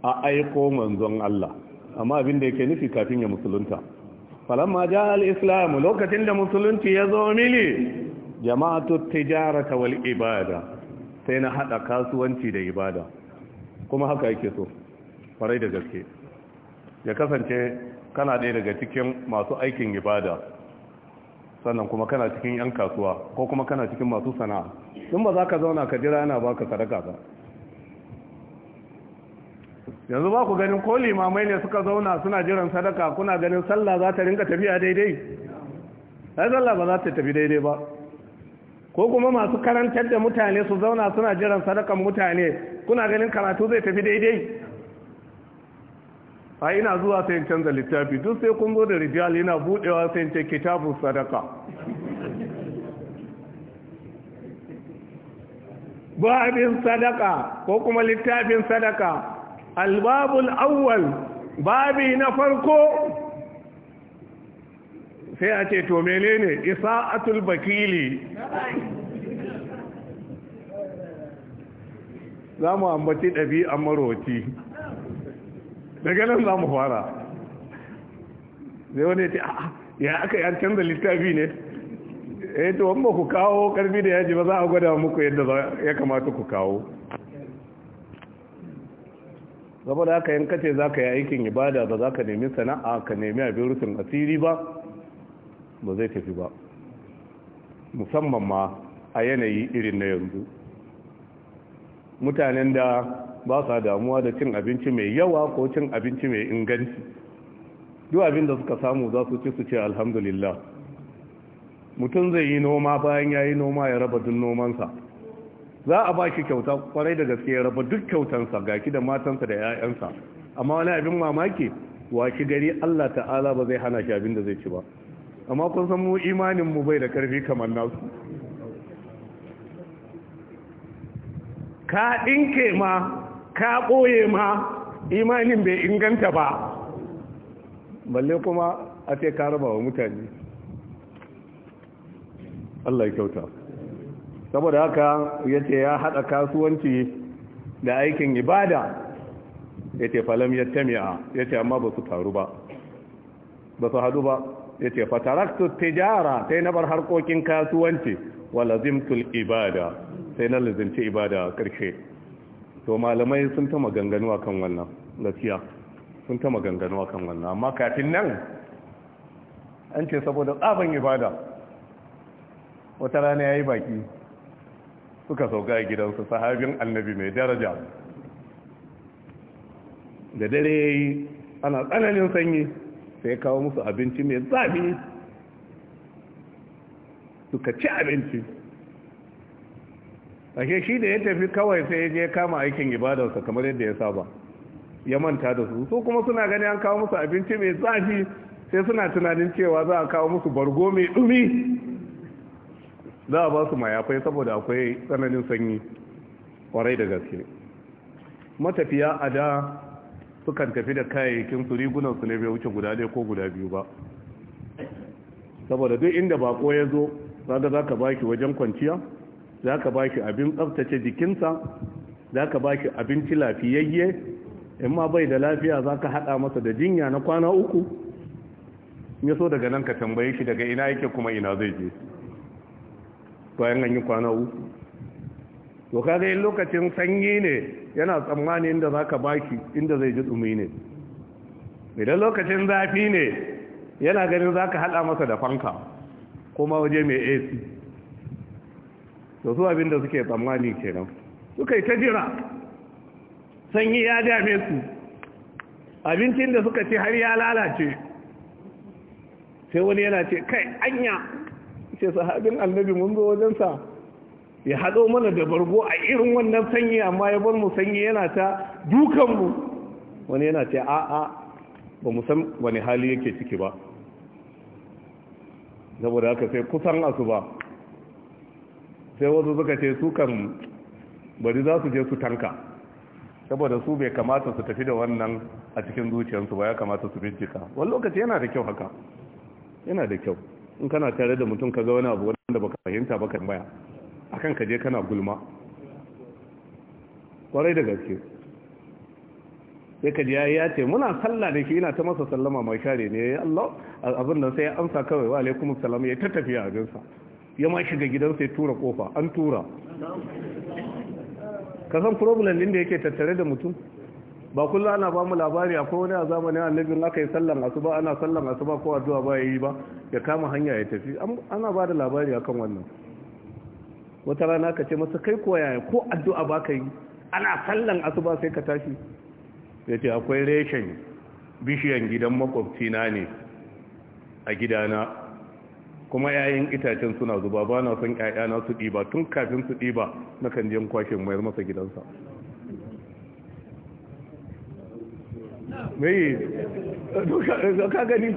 a aiko manzon Allah amma abin da yake nufi kafin ya musulunta falamma ja al-islam lokacin da musulunci ya zo mili jama'atu tijarata wal ibada sai na hada kasuwanci da ibada kuma haka yake so farai da gaske ya kasance kana ɗaya daga cikin masu aikin ibada sannan kuma kana cikin 'yan kasuwa ko kuma kana cikin masu sana'a in ba za ka zauna ka jira yana baka sadaka ba yanzu ba ku ganin ko limamai ne suka zauna suna jiran sadaka kuna ganin sallah za ta rinka tafiya daidai ai sallah ba za ta tafi daidai ba ko kuma masu karantar da mutane su zauna suna jiran sadakan mutane kuna ganin karatu zai tafi daidai a ina zuwa sai canza littafi duk sai kun zo da rijal yana budewa sai ce kitabun sadaka Ba abin sadaka ko kuma littafin sadaka albabul awwal babi na farko sai a ce to mele menene isa'atul bakili za mu ambaci ɗabi'an maroti daga nan za mu fara zai wani ce ya aka yi canza littafi ne eh to wanda ku kawo karfi da yaji ba za a gwada muku yadda ya kamata ku kawo saboda haka yin kace za ka yi aikin ibada ba za ka nemi sana'a ka nemi abin rufin asiri ba ba zai tafi ba musamman ma a yanayi irin na yanzu mutanen da ba sa damuwa da cin abinci mai yawa ko cin abinci mai inganci duk abin da suka samu za su ci su ce alhamdulillah mutum zai yi noma bayan ya yi noma ya raba dun nomansa za a ba shi kyauta kwarai da gaske ya raba duk kyautansa ga da matansa da 'ya'yansa amma wani abin mamaki wa shi gari Allah ta'ala ba zai hana shi abin da zai ci ba amma kun san mu imanin mu bai da karfi kamar nasu ka ɗinke ma ka ɓoye ma imanin bai inganta ba balle kuma a ce ka raba wa mutane Allah ya kyauta saboda haka ya ce ya haɗa kasuwanci da aikin ibada ya ce falam ya tamiya ya ce amma ba su taru ba ba su haɗu ba ya ce fataraktu tijara sai na bar harkokin kasuwanci wa lazimtul ibada sai na lazimci ibada a ƙarshe to malamai sun ta maganganu akan wannan gaskiya sun ta maganganu akan wannan amma kafin nan an ce saboda tsaban ibada wata rana ya yi baki suka sauka a gidansu sahabin annabi mai daraja da dare ya yi ana tsananin sanyi sai kawo musu abinci mai zafi suka ci abinci ake shi da ya tafi kawai sai ya je kama aikin ibadarsa kamar yadda ya saba ya manta da su su kuma suna gani an kawo musu abinci mai zafi sai suna tunanin cewa za a kawo musu bargo mai dumi za a ba su mayafai saboda akwai tsananin sanyi kwarai da gaske matafiya a da sukan tafi da kayayyakin su rigunan su ne bai wuce guda ɗaya ko guda biyu ba saboda duk inda bako ya zo zaga za ka baki wajen kwanciya za ka baki abin tsabtace jikinsa za ka baki abinci lafiyayye in ma bai da lafiya za ka haɗa masa da jinya na kwana uku ya so daga nan ka tambaye shi daga ina yake kuma ina zai je bayan an yi kwana uku to ka yin lokacin sanyi ne yana tsammani inda za ka baki inda zai ji tsumi ne idan lokacin zafi ne yana ganin za ka haɗa masa da fanka kuma waje mai ac da su abinda suke tsammani kenan suka yi ta jira sanyi ya dame su abincin da suka ce har ya lalace sai wani yana ce kai anya ce sahabin annabi mun zo wajensa ya haɗo mana da bargo a irin wannan sanyi amma ya bar mu sanyi yana ta dukanmu wani yana ce a'a ba mu san wani hali yake ciki ba saboda haka sai kusan asu ba sai wasu suka ce su kan bari za su je su tanka saboda su bai kamata su tafi da wannan a cikin zuciyarsu ba ya kamata su bincika wani lokaci yana da kyau haka yana da kyau in kana tare da mutum ka ga wani abu wanda baka fahimta baka baya akan ka je kana gulma kwarai da gaske sai ka ji ya ce muna sallah da shi ina ta masa sallama mai share ne ya Allah abin nan sai ya amsa kawai wa alaikum salam ya ta tafiya a gansa ya ma shiga gidan ya tura kofa an tura ka san problem din da yake tattare da mutum ba kullum ana ba mu labari akwai wani a zamanin annabin aka yi sallan asuba ana sallan asuba ko addu'a ba yi ba ya kama hanya ya tafi ana ba da labari akan wannan wata rana ka ce masa kai ko yaya ko addu'a ba ka yi ana sallan asuba sai ka tashi ya ce akwai reshen bishiyan gidan makwabcina ne a gidana kuma yayin itacen suna zuba ba na son 'ya'yana su ɗiba tun kafin su ɗiba na kan je kwashe mayar masa gidansa mai ka gani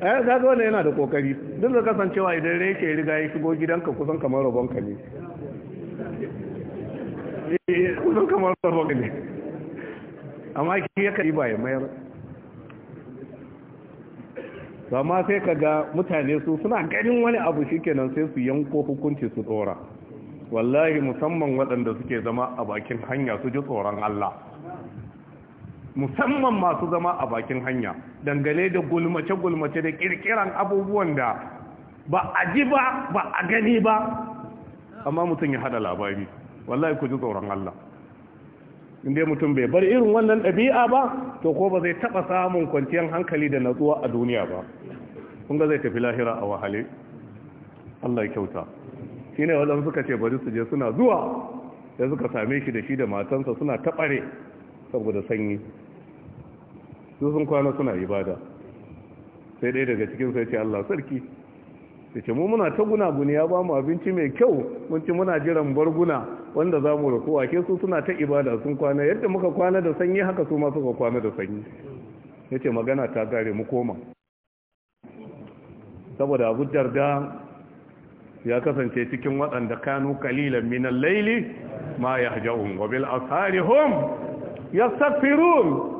a yi eh, kaga wannan yana da kokari duk da kasancewa idan rai ke riga ya shigo gidanka kusan kamar rabonka ne eh, kusan kamar rabonka ne amma ki ya kari ba ya mayar amma sai ka ga mutane su suna ganin wani abu shikenan sai su yanko hukunci su tsora wallahi musamman waɗanda suke zama a bakin hanya su ji tsoron Allah musamman masu zama a bakin hanya dangane da gulmace-gulmace da kirkiran abubuwan da ba a ji ba ba a gani ba amma mutum ya hada labari wallahi ku ji tsoron Allah inda mutum bai bar irin wannan ɗabi'a ba to ko ba zai taɓa samun kwanciyar hankali da natsuwa a duniya ba kun ga zai tafi lahira a wahale Allah ya kyauta ne wadan suka ce bari su je suna zuwa da suka same shi da shi da matansa suna taɓare saboda sanyi su sun kwana suna ibada sai dai daga cikin sai ce Allah sarki sai ce mu muna ta gunaguni ya ba mu abinci mai kyau mun ci muna jiran barguna wanda za mu rakuwa ke su suna ta ibada sun kwana yadda muka kwana da sanyi haka su ma suka kwana da sanyi ya ce magana ta gare mu koma saboda abu jarda ya kasance cikin waɗanda kanu kalilan minan laili ma ya hajjahun wabil asharihum ya safirun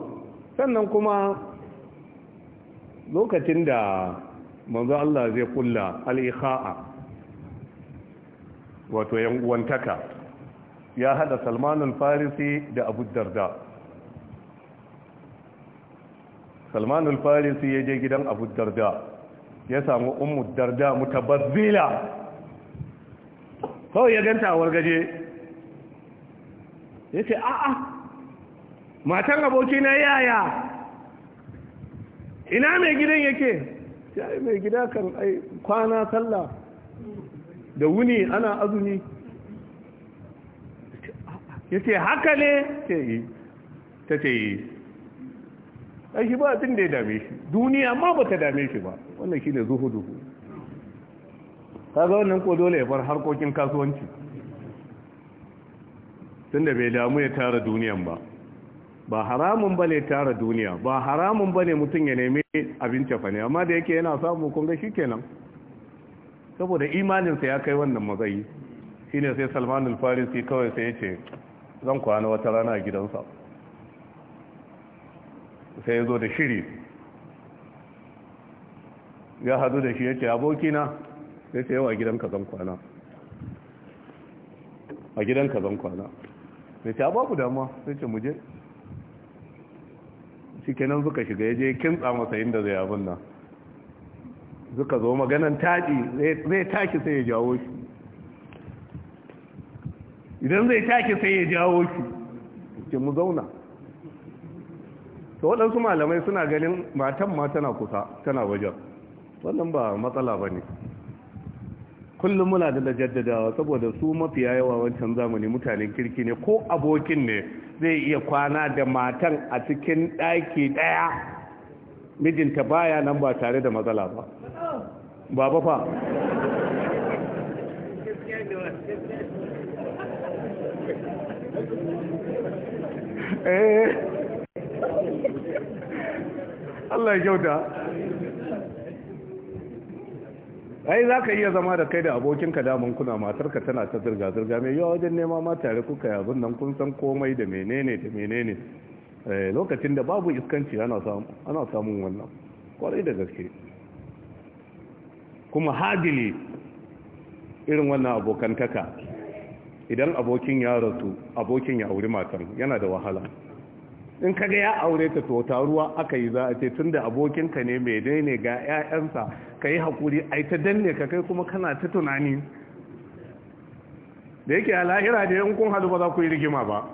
sannan kuma lokacin da manzo Allah zai kulla al-ikha'a wato yan uwantaka ya hada Salman al-Farisi da Abu Darda Salman al-Farisi ya je gidan Abu Darda ya samu Ummu Darda mutabazzila kawai ya ganta a wargaje yace a'a matan abokina yaya ina mai gidan yake ya mai gida kan kwana sallah da wuni ana azumi ya haka ne ta ce yi eh. eh. shi ba abin da ya dame shi duniya ma ba ta dame shi ba wannan shi ne zuhudu kaga wannan ko dole ya bar harkokin kasuwanci tun da bai damu ya tara duniyan ba ba haramun ba ne tara duniya ba haramun ba ne mutum ya nemi abin cafa ne amma da yake yana samu kunga shi kenan saboda imaninsa ya kai wannan mazai shi ne sai salman alfarisi kawai sai ya ce zan kwana wata rana a gidansa sai ya zo da shiri ya hadu da shi ya ce abokina sai ce yawa a gidanka zan kwana a gidanka zan kwana sai ce ba ku damuwa sai ce muje nan suka shiga yaje kintsa masa inda zai abin nan suka zo maganan taɗi zai tashi sai ya jawo shi idan zai tashi sai ya jawo shi ke mu zauna to waɗansu malamai suna ganin matan ma tana kusa tana wajen wannan ba matsala ba ne kullum muna da jaddadawa saboda su mafiya yawa wancan zamani mutanen kirki ne ko abokin ne zai iya kwana da matan a cikin ɗaki ɗaya mijinta baya nan ba tare da matsala ba baba fa eh. Allah ya kyauta ai za ka iya zama da kai da abokinka daman kuna matarka tana ta zirga-zirga mai yawa wajen nema ma tare kuka abin nan kun san komai da menene da menene eh, lokacin da babu iskanci ana samun wannan kwarai da gaske kuma hadili irin wannan abokantaka idan abokin ya rasu abokin ya auri matan yana da wahala in kaga ya aure ta to taruwa aka yi za a ce tun da abokinka ne mai daine ga 'ya'yansa ka yi haƙuri a ta danne ka kai kuma kana ta tunani da yake a lahira da yan kun hadu ba za ku yi rigima ba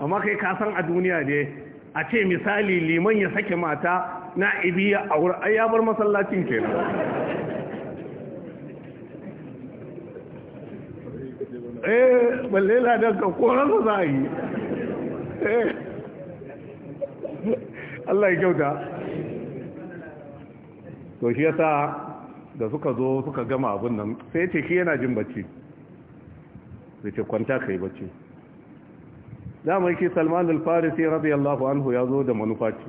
amma kai kasan a duniya da a ce misali liman ya sake mata na ibiya a wurin ai ya bar masallacin kenan eh balle ladan ka ran za a yi eh. Allah ya kyauta to shi yasa da suka zo suka gama abin nan sai ce shi yana jin bacci da ce kwanta ka yi bacci mu yake salman al-farisi radiyallahu anhu ya zo da manufaci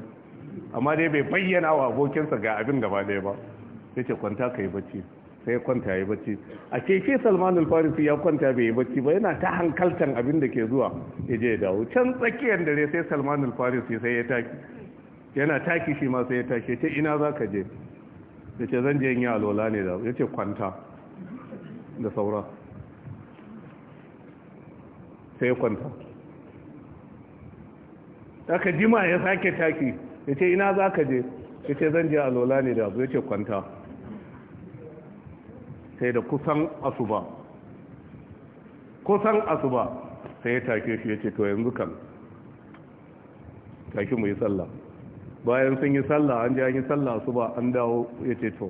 amma dai bai bayyana wa abokinsa ga abin gaba ɗaya ba sai ce kwanta ka yi bacci sai kwanta ya yi bacci a ke ke salman al-farisi ya kwanta bai yi bacci ba yana ta hankaltan abin da ke zuwa ya je ya dawo can tsakiyar dare sai salman al-farisi sai ya taki yana taki shi ma sai ya tashi ce ina za ka je ya ce zan je yin alola ne da ya ce kwanta da saura sai kwanta aka jima ya sake taki ya ce ina za ka je ya ce zan je alola ne da ya ce kwanta sai da kusan asuba kusan asuba sai ya take shi ya ce to yanzu kan take mu yi sallah bayan sun yi sallah an ji yi sallah su ba an dawo ya ce to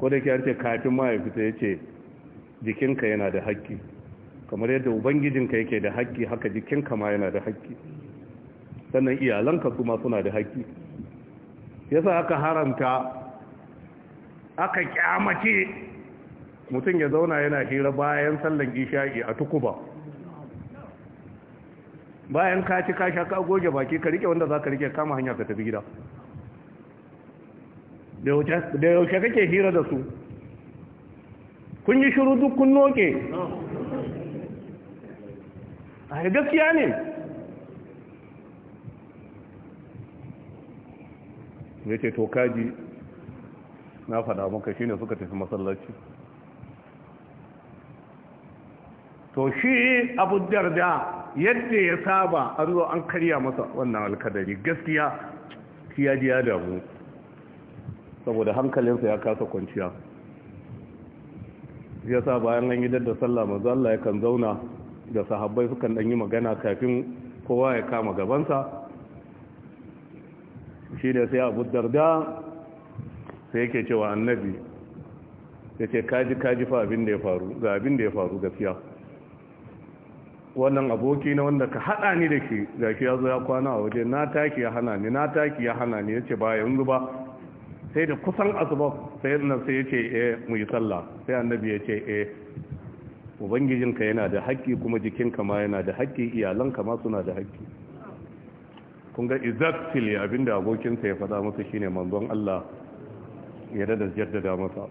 ko ce kafin ma ya fita ya ce jikinka yana da haƙƙi kamar yadda ubangijinka yake da haƙƙi haka jikinka ma yana da haƙƙi sannan iyalanka su ma suna da haƙƙi yasa aka haramta aka kyamace mutum ya zauna yana hira bayan sallan isha'i a tukuba bayan ka ci ka sha ka goge baki ka rike wanda za ka rike kama hanya ka tafi gida da yaushe kake hira da su kun yi shiru duk kun noke a gaskiya ne ya ce to kaji na faɗa maka shi shine suka tafi masallaci to shi abu darda yadda ya saba an zo an karya masa wannan alkadari gaskiya kiya ya ji ya saboda hankalinsa ya kasa kwanciya ya sa bayan an yi dadda sallah manzo Allah ya kan zauna da sahabbai sukan dan yi magana kafin kowa ya kama gabansa shi da sai abu darda sai yake cewa annabi ya ce kaji kaji fa abin da ya faru ga abin da ya faru gaskiya wannan aboki na wanda ka haɗa ni da ke ga shi ya zo ya kwana a waje na taki ya hana ni na taki ya hana ni ya ce ba yanzu ba sai da kusan asuba sai nan sai ya ce eh mu yi sallah sai annabi ya ce eh ubangijinka yana da haƙƙi kuma jikinka ma yana da haƙƙi iyalanka ma suna da haƙƙi kun ga exactly abinda abokinsa ya faɗa masa shine manzon Allah ya dada jaddada masa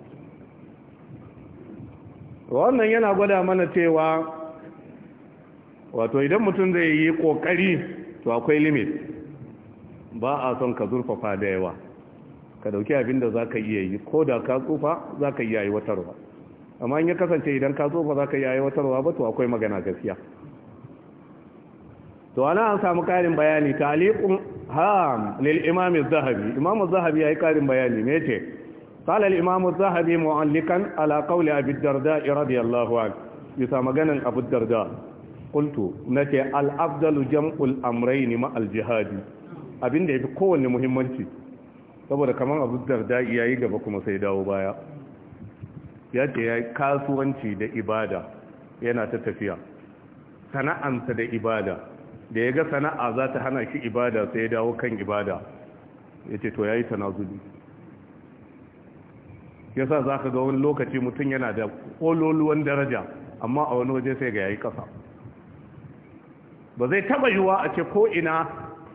wannan yana gwada mana cewa wato idan mutum zai yi kokari to akwai limit ba a son ka zurfafa da yawa ka dauki abin da zaka iya yi ko da ka tsufa zaka iya yi watarwa amma in ya kasance idan ka tsufa zaka iya yi watarwa ba to akwai magana gaskiya to ana an samu karin bayani taliqun ham lil imam az-zahabi imam az-zahabi yayi karin bayani me yace قال al-imam معلقا على قول ala الدرداء رضي الله عنه يسمى bisa maganan abu darda na na al afdalu jam'ul ne ma al jihadi abinda fi kowanne muhimmanci saboda kamar Abu Darda yi gaba kuma sai dawo baya ya ce ya kasuwanci da ibada yana ta tafiya sana'ansa da ibada da ya ga sana'a za ta hana shi ibada sai ya dawo kan ibada ya ce to ya yi tanazuli ya sa za ka ga wani lokaci mutum yana da ƙololuwan daraja amma a wani waje sai ga ya yi ƙasa ba zai taba yiwa a ce ko ina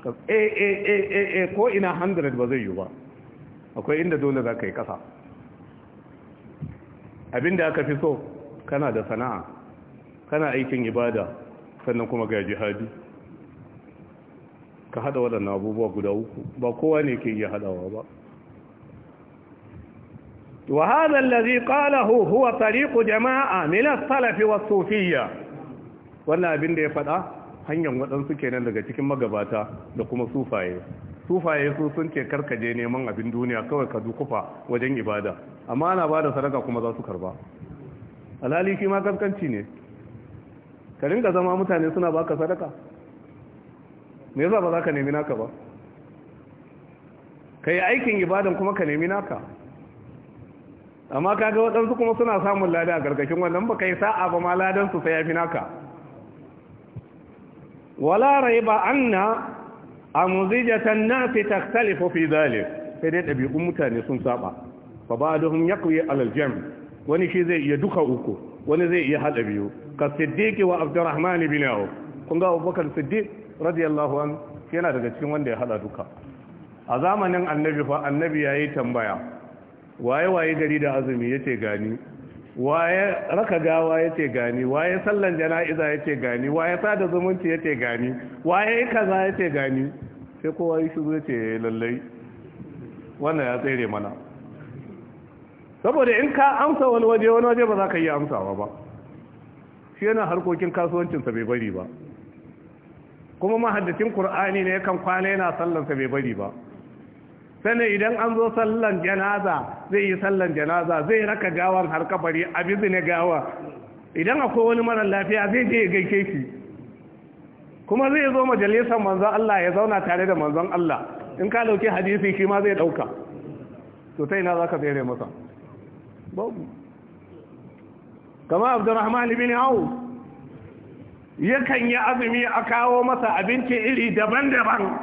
a a a ko ina 100 ba zai yi ba akwai inda dole za ka yi kasa abinda aka fi so kana da sana'a kana aikin ibada sannan kuma ga jihadi ka hada waɗannan abubuwa guda uku ba kowa ne ke iya hadawa ba wa hadha alladhi qalahu huwa tariqu jama'a min as-salaf was-sufiyya wannan abin ya fada hanyar waɗansu kenan daga cikin magabata da kuma sufaye sufaye su sun ce karkaje neman abin duniya kawai ka dukufa wajen ibada amma ana ba da sadaka kuma za su karba alhali shi ma kaskanci ne ka ringa zama mutane suna baka sadaka me yasa ba za ka nemi naka ba ka yi aikin ibadan kuma ka nemi naka amma kaga waɗansu kuma suna samun lada a gargashin wannan ba ka yi sa'a ba ma ladan su sai ya fi naka wala raiba anna amzijatan nasi taktalifu fi zalik sai dai ɗabi'un mutane sun saba fa ba'dhum yaqwi ala al-jam wani shi zai iya duka uku wani zai iya hada biyu ka siddiq wa abdurrahman bin awf kun ga abubakar siddiq radiyallahu an yana daga cikin wanda ya hada duka a zamanin annabi fa annabi yayi tambaya waye waye gari da azumi yace gani waye raka gawa yace gani waye sallan jana'iza yace gani waye sada zumunci yace gani waye kaza yace gani sai kowa ya shigo yace eh, lallai wannan ya tsere mana saboda in ka amsa wani waje wani waje ba za ka yi amsawa ba shi yana harkokin kasuwancinsa bai bari ba kuma mahaddacin Kur'ani ne yakan kwana yana sallansa bai bari ba sannan idan an zo sallan janaza zai yi sallan janaza zai raka gawan har kabari a bizine gawa idan akwai wani marar lafiya zai je ya gaike kuma zai zo majalisar manzan Allah ya zauna tare da manzon Allah in ka dauki hadisi shi ma zai dauka to sai na zaka tsere masa babu kama Abdurrahman ibn au yakan yi azumi a kawo masa abinci iri daban-daban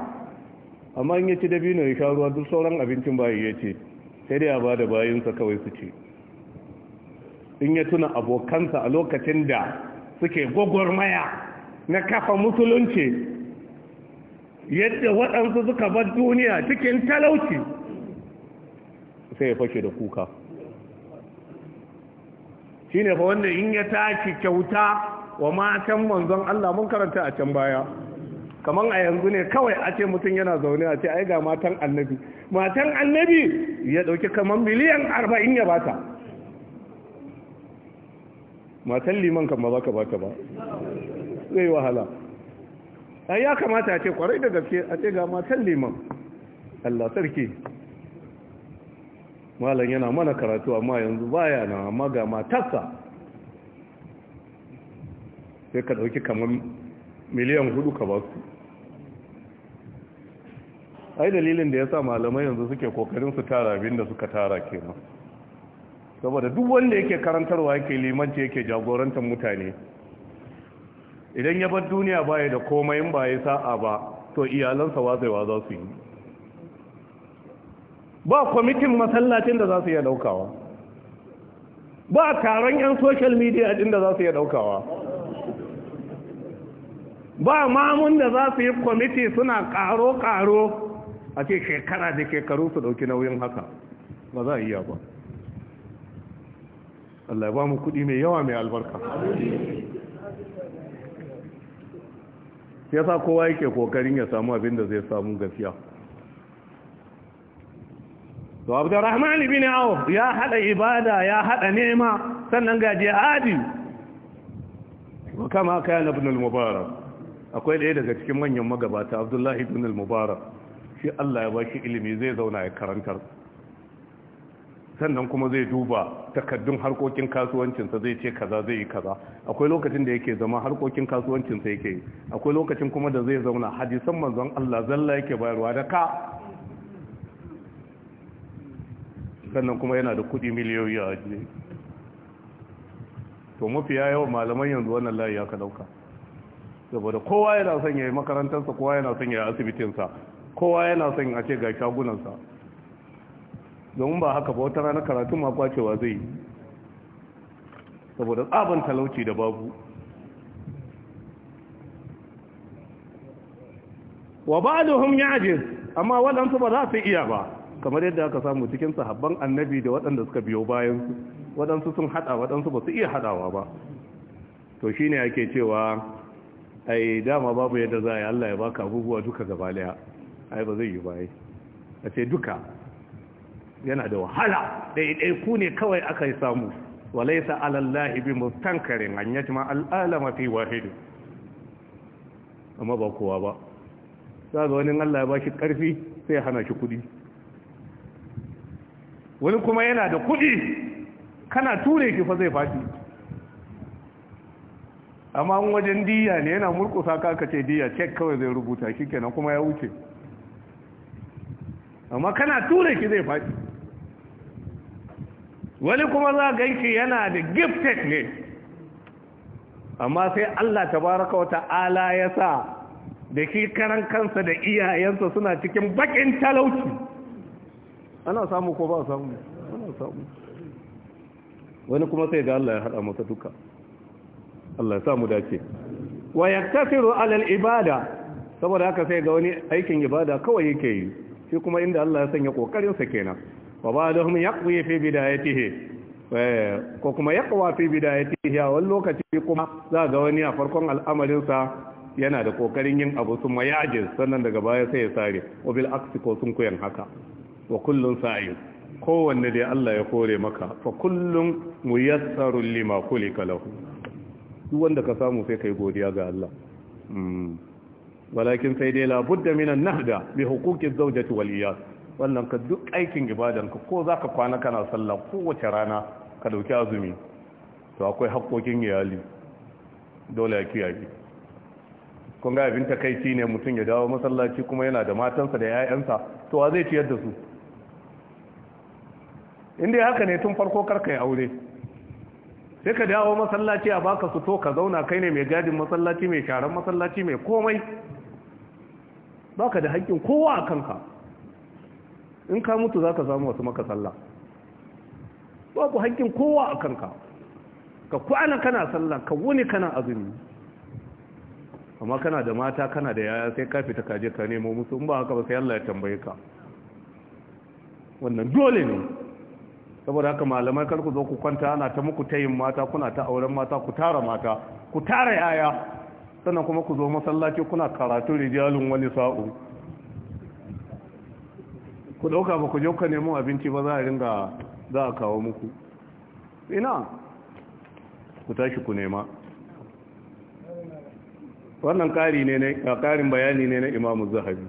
amma in ya ci dabino ya sha ruwa duk sauran abincin bayi ya ce sai dai ya bada bayinsa kawai su ci in ya tuna abokansa a lokacin da suke gwagwarmaya na kafa musulunci yadda waɗansu suka bar duniya cikin talauci sai ya fashe da kuka shi ne fa wanda in ya tashi kyauta wa matan manzon Allah mun karanta a can baya kamar a yanzu ne kawai a ce mutum yana zaune a ce ai ga matan annabi matan annabi ya dauki kamar miliyan arba'in ya bata matan liman kan ba baka ka bata ba zai wahala ai ya kamata a ce kwarai da gaske a ce ga matan liman Allah sarki malam yana mana karatu amma yanzu baya na amma ga matarsa sai ka dauki kamar miliyan hudu ka ba su ai dalilin da ya sa malamai yanzu suke kokarin su tara abin da suka tara kenan saboda duk wanda yake karantarwa yake limanci yake jagorantar mutane idan ya bar duniya baya da komai in ba ya sa'a ba to iyalansa watsewa za su yi ba kwamitin masallacin da za su iya daukawa ba taron 'yan social media din da za su iya daukawa ba mamun da za su yi kwamiti suna karo-karo a ce shekara da shekaru su dauki nauyin haka ba za a iya ba Allah ba mu kudi mai yawa mai albarka yasa kowa yake kokarin ya samu abin da zai samu gafiya. to abdurrahman ibn auf ya hada ibada ya hada nema sannan ga jihadi kama kana ibn al-mubarak akwai ɗaya daga cikin manyan magabata abdullahi ibn al-mubarak shi Allah ya bashi ilimi zai zauna ya karantar sannan kuma zai duba takaddun harkokin kasuwancinsa zai ce kaza zai yi kaza akwai lokacin da yake zama harkokin kasuwancinsa yake yi akwai lokacin kuma da zai zauna hadisan manzon Allah zalla yake bayarwa da ka sannan kuma yana da kudi miliyoyi a ajiye to mafi yawan malaman yanzu wannan layi ya ka dauka saboda kowa yana son ya yi makarantarsa kowa yana son ya yi asibitinsa kowa yana son a ce ga shagunansa domin ba haka ba wata rana karatun ma kwacewa zai yi saboda tsaban talauci da babu wa ba da hun yaje amma waɗansu ba za su iya ba kamar yadda aka samu cikin sahabban annabi da waɗanda suka biyo bayansu waɗansu sun haɗa waɗansu ba su iya haɗawa ba to shine ne ake cewa ai dama babu yadda za a yi allah ya baka abubuwa duka gabalaya ai ba zai yi ba a ce duka yana da wahala ɗaiɗai ku ne kawai aka yi samu walaisa alallahi bi mustankarin an yaji ma al'alama fi wahidu amma ba kowa ba za ga wani Allah ya ba shi ƙarfi sai hana shi kudi wani kuma yana da kudi kana ture ki fa zai fashi amma wajen diya ne yana murkusa ka ce diya cek kawai zai rubuta shi kenan kuma ya wuce amma kana tura ki zai faɗi wani kuma za ganki yana da gifted ne amma sai Allah tabaraka wata Ala ya sa da ki karan kansa da iyayensa suna cikin bakin talauci ana samu ko ba samu ana samu wani kuma sai da Allah ya haɗa masa duka Allah ya samu dace wa yaktasiru alal ibada saboda haka sai ga wani aikin ibada kawai yake yi shi kuma inda Allah ya sanya kokarin sa kenan wa yaqwi fi bidayatihi eh, ko kuma yaqwa fi bidayatihi a wani lokaci kuma za ga wani a farkon al'amarin yana da kokarin yin abu sun mayaje sannan daga baya sai ya sare wa bil aksi ko sun kuyan haka wa kullun sa'in kowanne dai Allah ya kore maka fa kullun muyassarul lima kulika lahu duk wanda ka samu sai kai godiya ga Allah hmm. walakin sai dai labudda minan nahda bi huquqiz zawjati wal wannan ka duk aikin ibadanka ko zaka kwana kana sallah kowace rana ka dauki azumi to akwai haƙoƙin iyali dole ya kiyaye kun ga abin takaici ne mutum ya dawo masallaci kuma yana da matansa da 'ya'yansa to wa zai ciyar da su indai haka ne tun farko karkai aure sai ka dawo masallaci a baka su to ka zauna kai ne mai gadin masallaci mai sharan masallaci mai komai baka da haƙƙin kowa a kanka in ka mutu za ka samu wasu maka sallah ku haƙƙin kowa a kanka ka kwana kana sallah ka wuni kana azumi amma kana da mata kana da yaya sai ka fita kaje ka nemo musu in ba haka ba sai Allah ya tambaye ka wannan dole ne saboda haka malamai kar ku zo ku kwanta ana ta muku tayin mata kuna ta auren mata ku tara mata ku tara yaya sannan kuma ku zo masallaci kuna karatu rijalun wani sa'u ku dauka ba ku je ku nemo abinci ba za a ringa za a kawo muku ina ku tashi ku nema wannan ƙari ne ne ƙarin bayani ne na imamu zahabi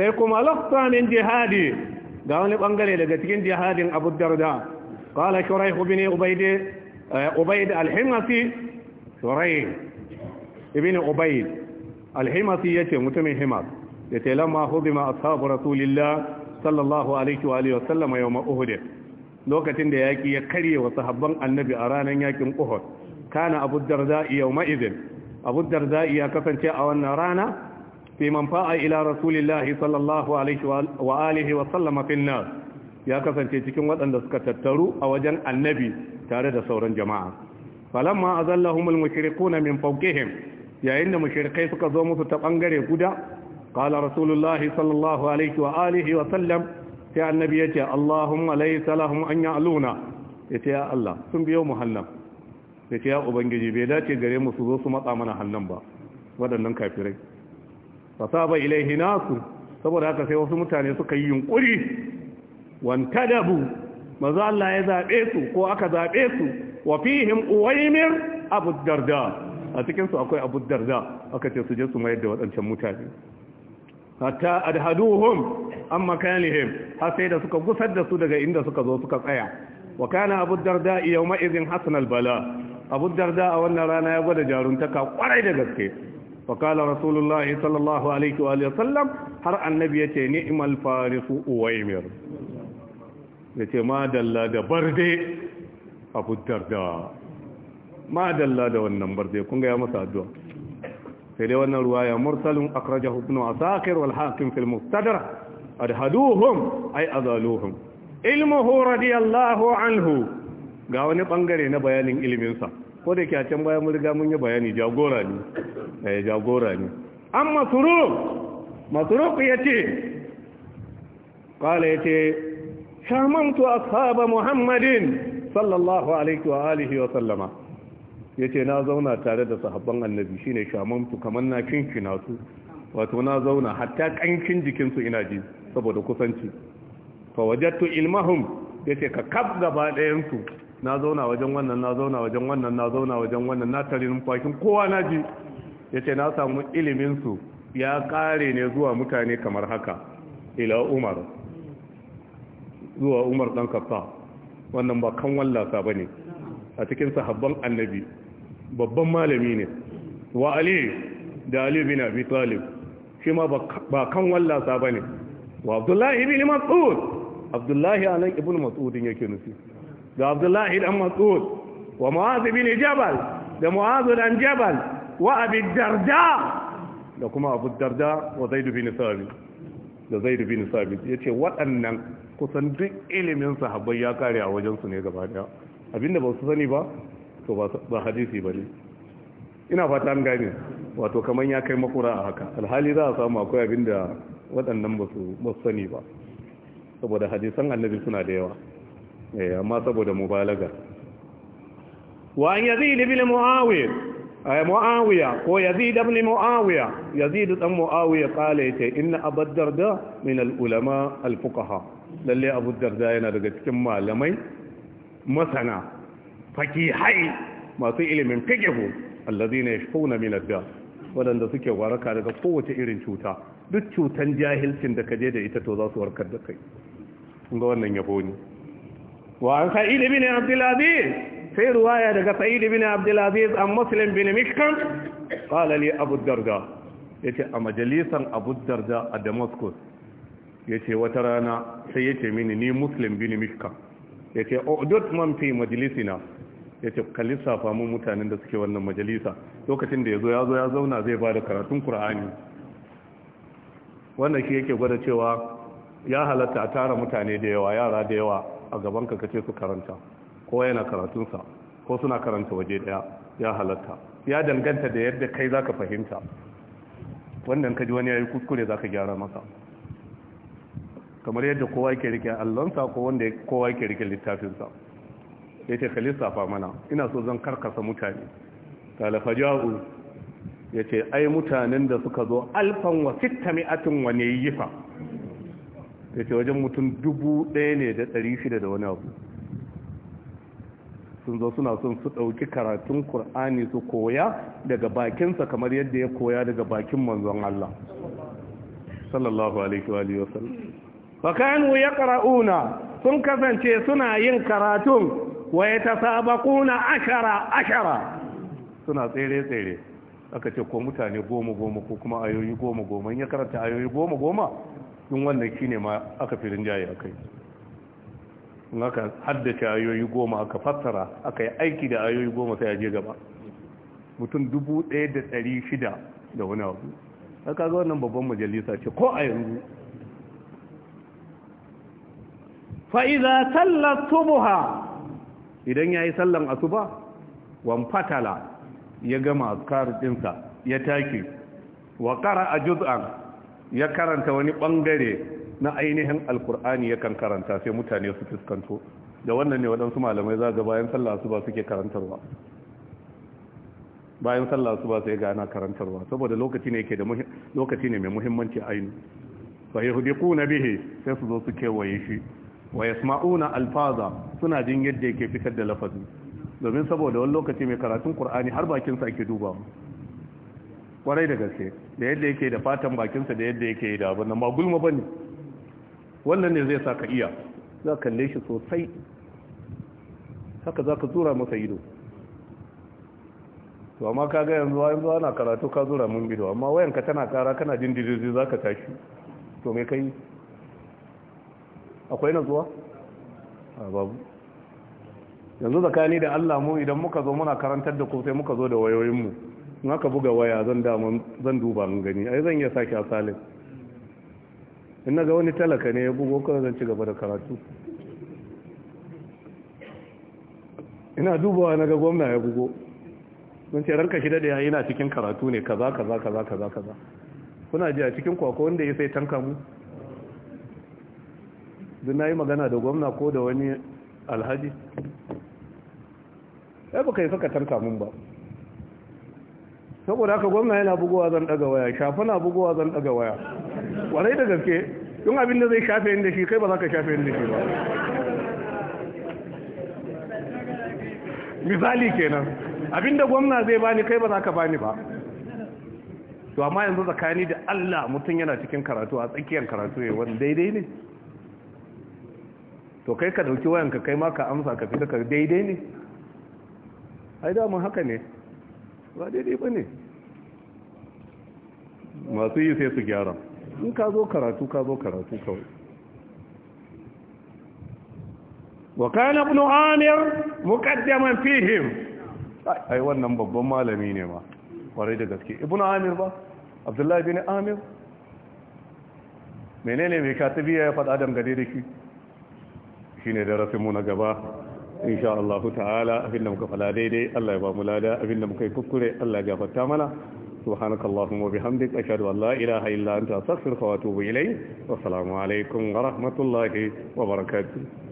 sai kuma lafsanin jihadi ga wani bangare daga cikin jihadin abu darda qala shuraih ibn ubayd eh, ubayd al-himasi shuraih ibn ubayd al ya ce mutumin himar yace lamma hudima ashabu rasulillah sallallahu alaihi wa alihi wasallam yawm uhud lokacin da yaƙi ya karye wasu sahabban annabi a ranar yakin uhud kana abu darda yawma idin abu darda ya kasance a wannan rana fi man fa'a ila rasulillahi sallallahu alaihi wa alihi wa sallama fil nas ya kasance cikin waɗanda suka tattaru a wajen annabi tare da sauran jama'a falamma azallahumul mushrikuna min fawqihim ya da mushrikai suka zo musu ta bangare guda qala rasulullahi sallallahu alaihi wa alihi wa sallam sai annabi yace allahumma laysa lahum an ya'luna yace ya allah sun biyo mu hannan yace ya ubangiji bai dace gare mu su zo su matsa mana hannan ba waɗannan kafirai fasaba ilaihi nasu saboda haka sai wasu mutane suka yi yunkuri wantadabu maza Allah ya zabe su ko aka zabe su wa fihim uwaimir abu darda a cikin su akwai abu darda aka ce su je su mayar da waɗancan mutane hatta adhaduhum an makanihim har sai da suka gusar da su daga inda suka zo suka tsaya wa kana abu darda yawma idhin hasan Bala. abu darda a wannan rana ya gwada jaruntaka kwarai da gaske wa kala rasulullah sallallahu alaihi wa sallam har annabi yace ni'mal farisu uwaymir yace ma dalla da barde abu darda ma dalla da wannan barde kun ya masa addu'a sai dai wannan ruwaya mursalun akhrajahu ibn asakir wal hakim fil mustadrak adhaduhum ay adaluhum ilmuhu radiyallahu anhu ga wani bangare na bayanin iliminsa ko da ke can bayan riga mun yi bayani jagora ne eh jagora ne an masuruk ya ce kala ya ce shamantu ashaba muhammadin sallallahu alaihi wa alihi wa sallama ya ce na zauna tare da sahabban annabi shine shamantu kamar na kinkina su wato na zauna hatta kankin jikinsu ina ji saboda kusanci fa wajattu ilmahum yace ka kab gaba ɗayansu na zauna wajen wannan na zauna wajen wannan na zauna wajen wannan na tare numfashin kowa na ji ya ce na samu iliminsu ya kare ne zuwa mutane kamar haka ila umar zuwa umar ɗan kafa wannan ba kan wallasa ba ne a cikin sahabban annabi babban malami ne wa ali da ali bin abi talib shi ma ba kan wallasa ba ne wa abdullahi ibn mas'ud abdullahi anan ibn mas'udin yake nufi da abdullahi dan mas'ud wa mu'az bin jabal da mu'az dan jabal wa abi darda da kuma abu darda wa zaid bin sabit da zaid bin sabit yace waɗannan kusan duk ilimin sahabbai ya kare a wajen su ne gaba daya abinda ba su sani ba to ba hadisi bane ina fata an gane wato kaman ya kai makura a haka alhali za a samu akwai abinda waɗannan ba su sani ba saboda hadisan annabi suna da yawa eh amma saboda mubalaga wa an yazid ibn muawiya ay eh, muawiya ko yazid ibn muawiya yazid dan muawiya kale yace inna abu darda min al ulama al fuqaha lalle abu darda yana daga cikin malamai masana fakihai masu ilimin fiqhu alladhina yashkuna min ad wadanda suke waraka daga kowace irin cuta duk cutan jahilcin da kaje da ita to za su warkar da kai kun ga wannan yabo ne wa an sa'id ibn abdul aziz sai سعيد daga عبد العزيز عن مسلم بن muslim bin لي أبو الدرداء abu darda جليسا a majalisan abu darda a damascus yace wata rana sai yace mini ni muslim bin mishkan yace udut man fi ya ce mun mutanen da suke wannan majalisa lokacin da ya zo ya zo ya zauna zai bada karatun Kur'ani. wannan shi yake gwada cewa ya halatta a tara mutane da yawa yara da yawa a gabanka ka ce su karanta ko yana karatunsa ko suna karanta waje daya ya halatta ya danganta da yadda kai zaka fahimta wannan ka ji wani ya kuskure za gyara masa kamar yadda kowa yake rike allonsa ko wanda kowa yake rike littafinsa ya ce fa mana ina so zan karkasa mutane talafa yace ya ai mutanen da suka zo alfan wa atun wa ne yifa da ce wajen mutum dubu ɗaya ne da ɗari shida da wani abu sun zo suna son su ɗauki karatun Kur'ani su koya daga bakinsa kamar yadda ya koya daga bakin manzon Allah sallallahu alaihi wa sallam fa kanu yaqra'una sun kasance suna yin karatun wa yatasabaquna ashara ashara suna tsere tsere aka ce ko mutane goma goma ko kuma ayoyi goma goma in ya karanta ayoyi goma goma in wannan shine ma aka fi rinjaye a kai in aka haddace ayoyi goma aka fassara aka yi aiki da ayoyi goma sai a je gaba mutum dubu daya da ɗari shida da wani abu ta kaga wannan babban majalisa ce ko a yanzu fa'iza sallar subuha idan ya yi sallan asuba wamfatala ya gama karuɗinsa ya take wa ƙara a juz'an ya karanta wani bangare na ainihin alkur'ani yakan karanta sai mutane su fuskanto da wannan ne waɗansu malamai za ga bayan sallah su ba suke karantarwa bayan sallah su ba sai gana karantarwa saboda lokaci ne mai muhimmanci ainu fa yahdiquna bihi sai su zo su kewaye shi wa yasma'una alfaza suna jin yadda yake fitar da lafazi domin saboda wani lokaci mai karatun qur'ani har bakin sa ake dubawa kwarai da gaske da yadda yake da fatan bakinsa da yadda yake da abin nan ba gulma ba ne wannan ne zai sa ka iya za kalle shi sosai haka za ka zura masa ido to amma ka ga yanzu yanzu ana karatu ka zura mun ido amma wayanka tana kara kana jin diriri za ka tashi to me kai akwai nazuwa a babu yanzu zakani da Allah mu idan muka zo muna karantar da ku sai muka zo da wayoyin mu. na ka buga waya zan zan duba mun gani ai zan iya sake asalin in na ga wani talaka ne ya bugo kan zan ci gaba da karatu ina dubawa na ga gwamna ya bugo mun ce ranka shida da ya yana cikin karatu ne kaza kaza kaza kaza kaza kuna ji a cikin kwakwa wanda ya sai tanka mu duk na yi magana da gwamna ko da wani alhaji ya baka yi saka tanka mun ba saboda haka gwamna yana bugowa zan daga waya shafa na bugowa zan daga waya kwarai da gaske tun abin da zai shafe inda shi kai ba za ka shafe inda shi ba misali kenan abin da gwamna zai bani kai ba za ka bani ba to amma yanzu tsakani da Allah mutum yana cikin karatu a tsakiyar karatu ya eh, wani daidai ne to kai ka dauki wayanka kai ma ka amsa ka fita ka daidai ne ai da mun haka ne ba daidai ba ne masu yi sai su gyara in ka zo karatu ka zo karatu kawai wa kana ibn amir muqaddaman fihim ai wannan babban malami ne ma kware da gaske ibn amir ba abdullahi bin amir menene mai katibiya ya faɗa dangane da shi shine mu na gaba insha sha Allah ta'ala da muka fala daidai Allah ya ba mu lada da muka yi kuskure Allah ya gafarta mana subhanaka allahumma bihamdika ashhadu an la ilaha illa anta astaghfiruka wa atubu ilayk wa assalamu alaikum wa rahmatullahi wa barakatuh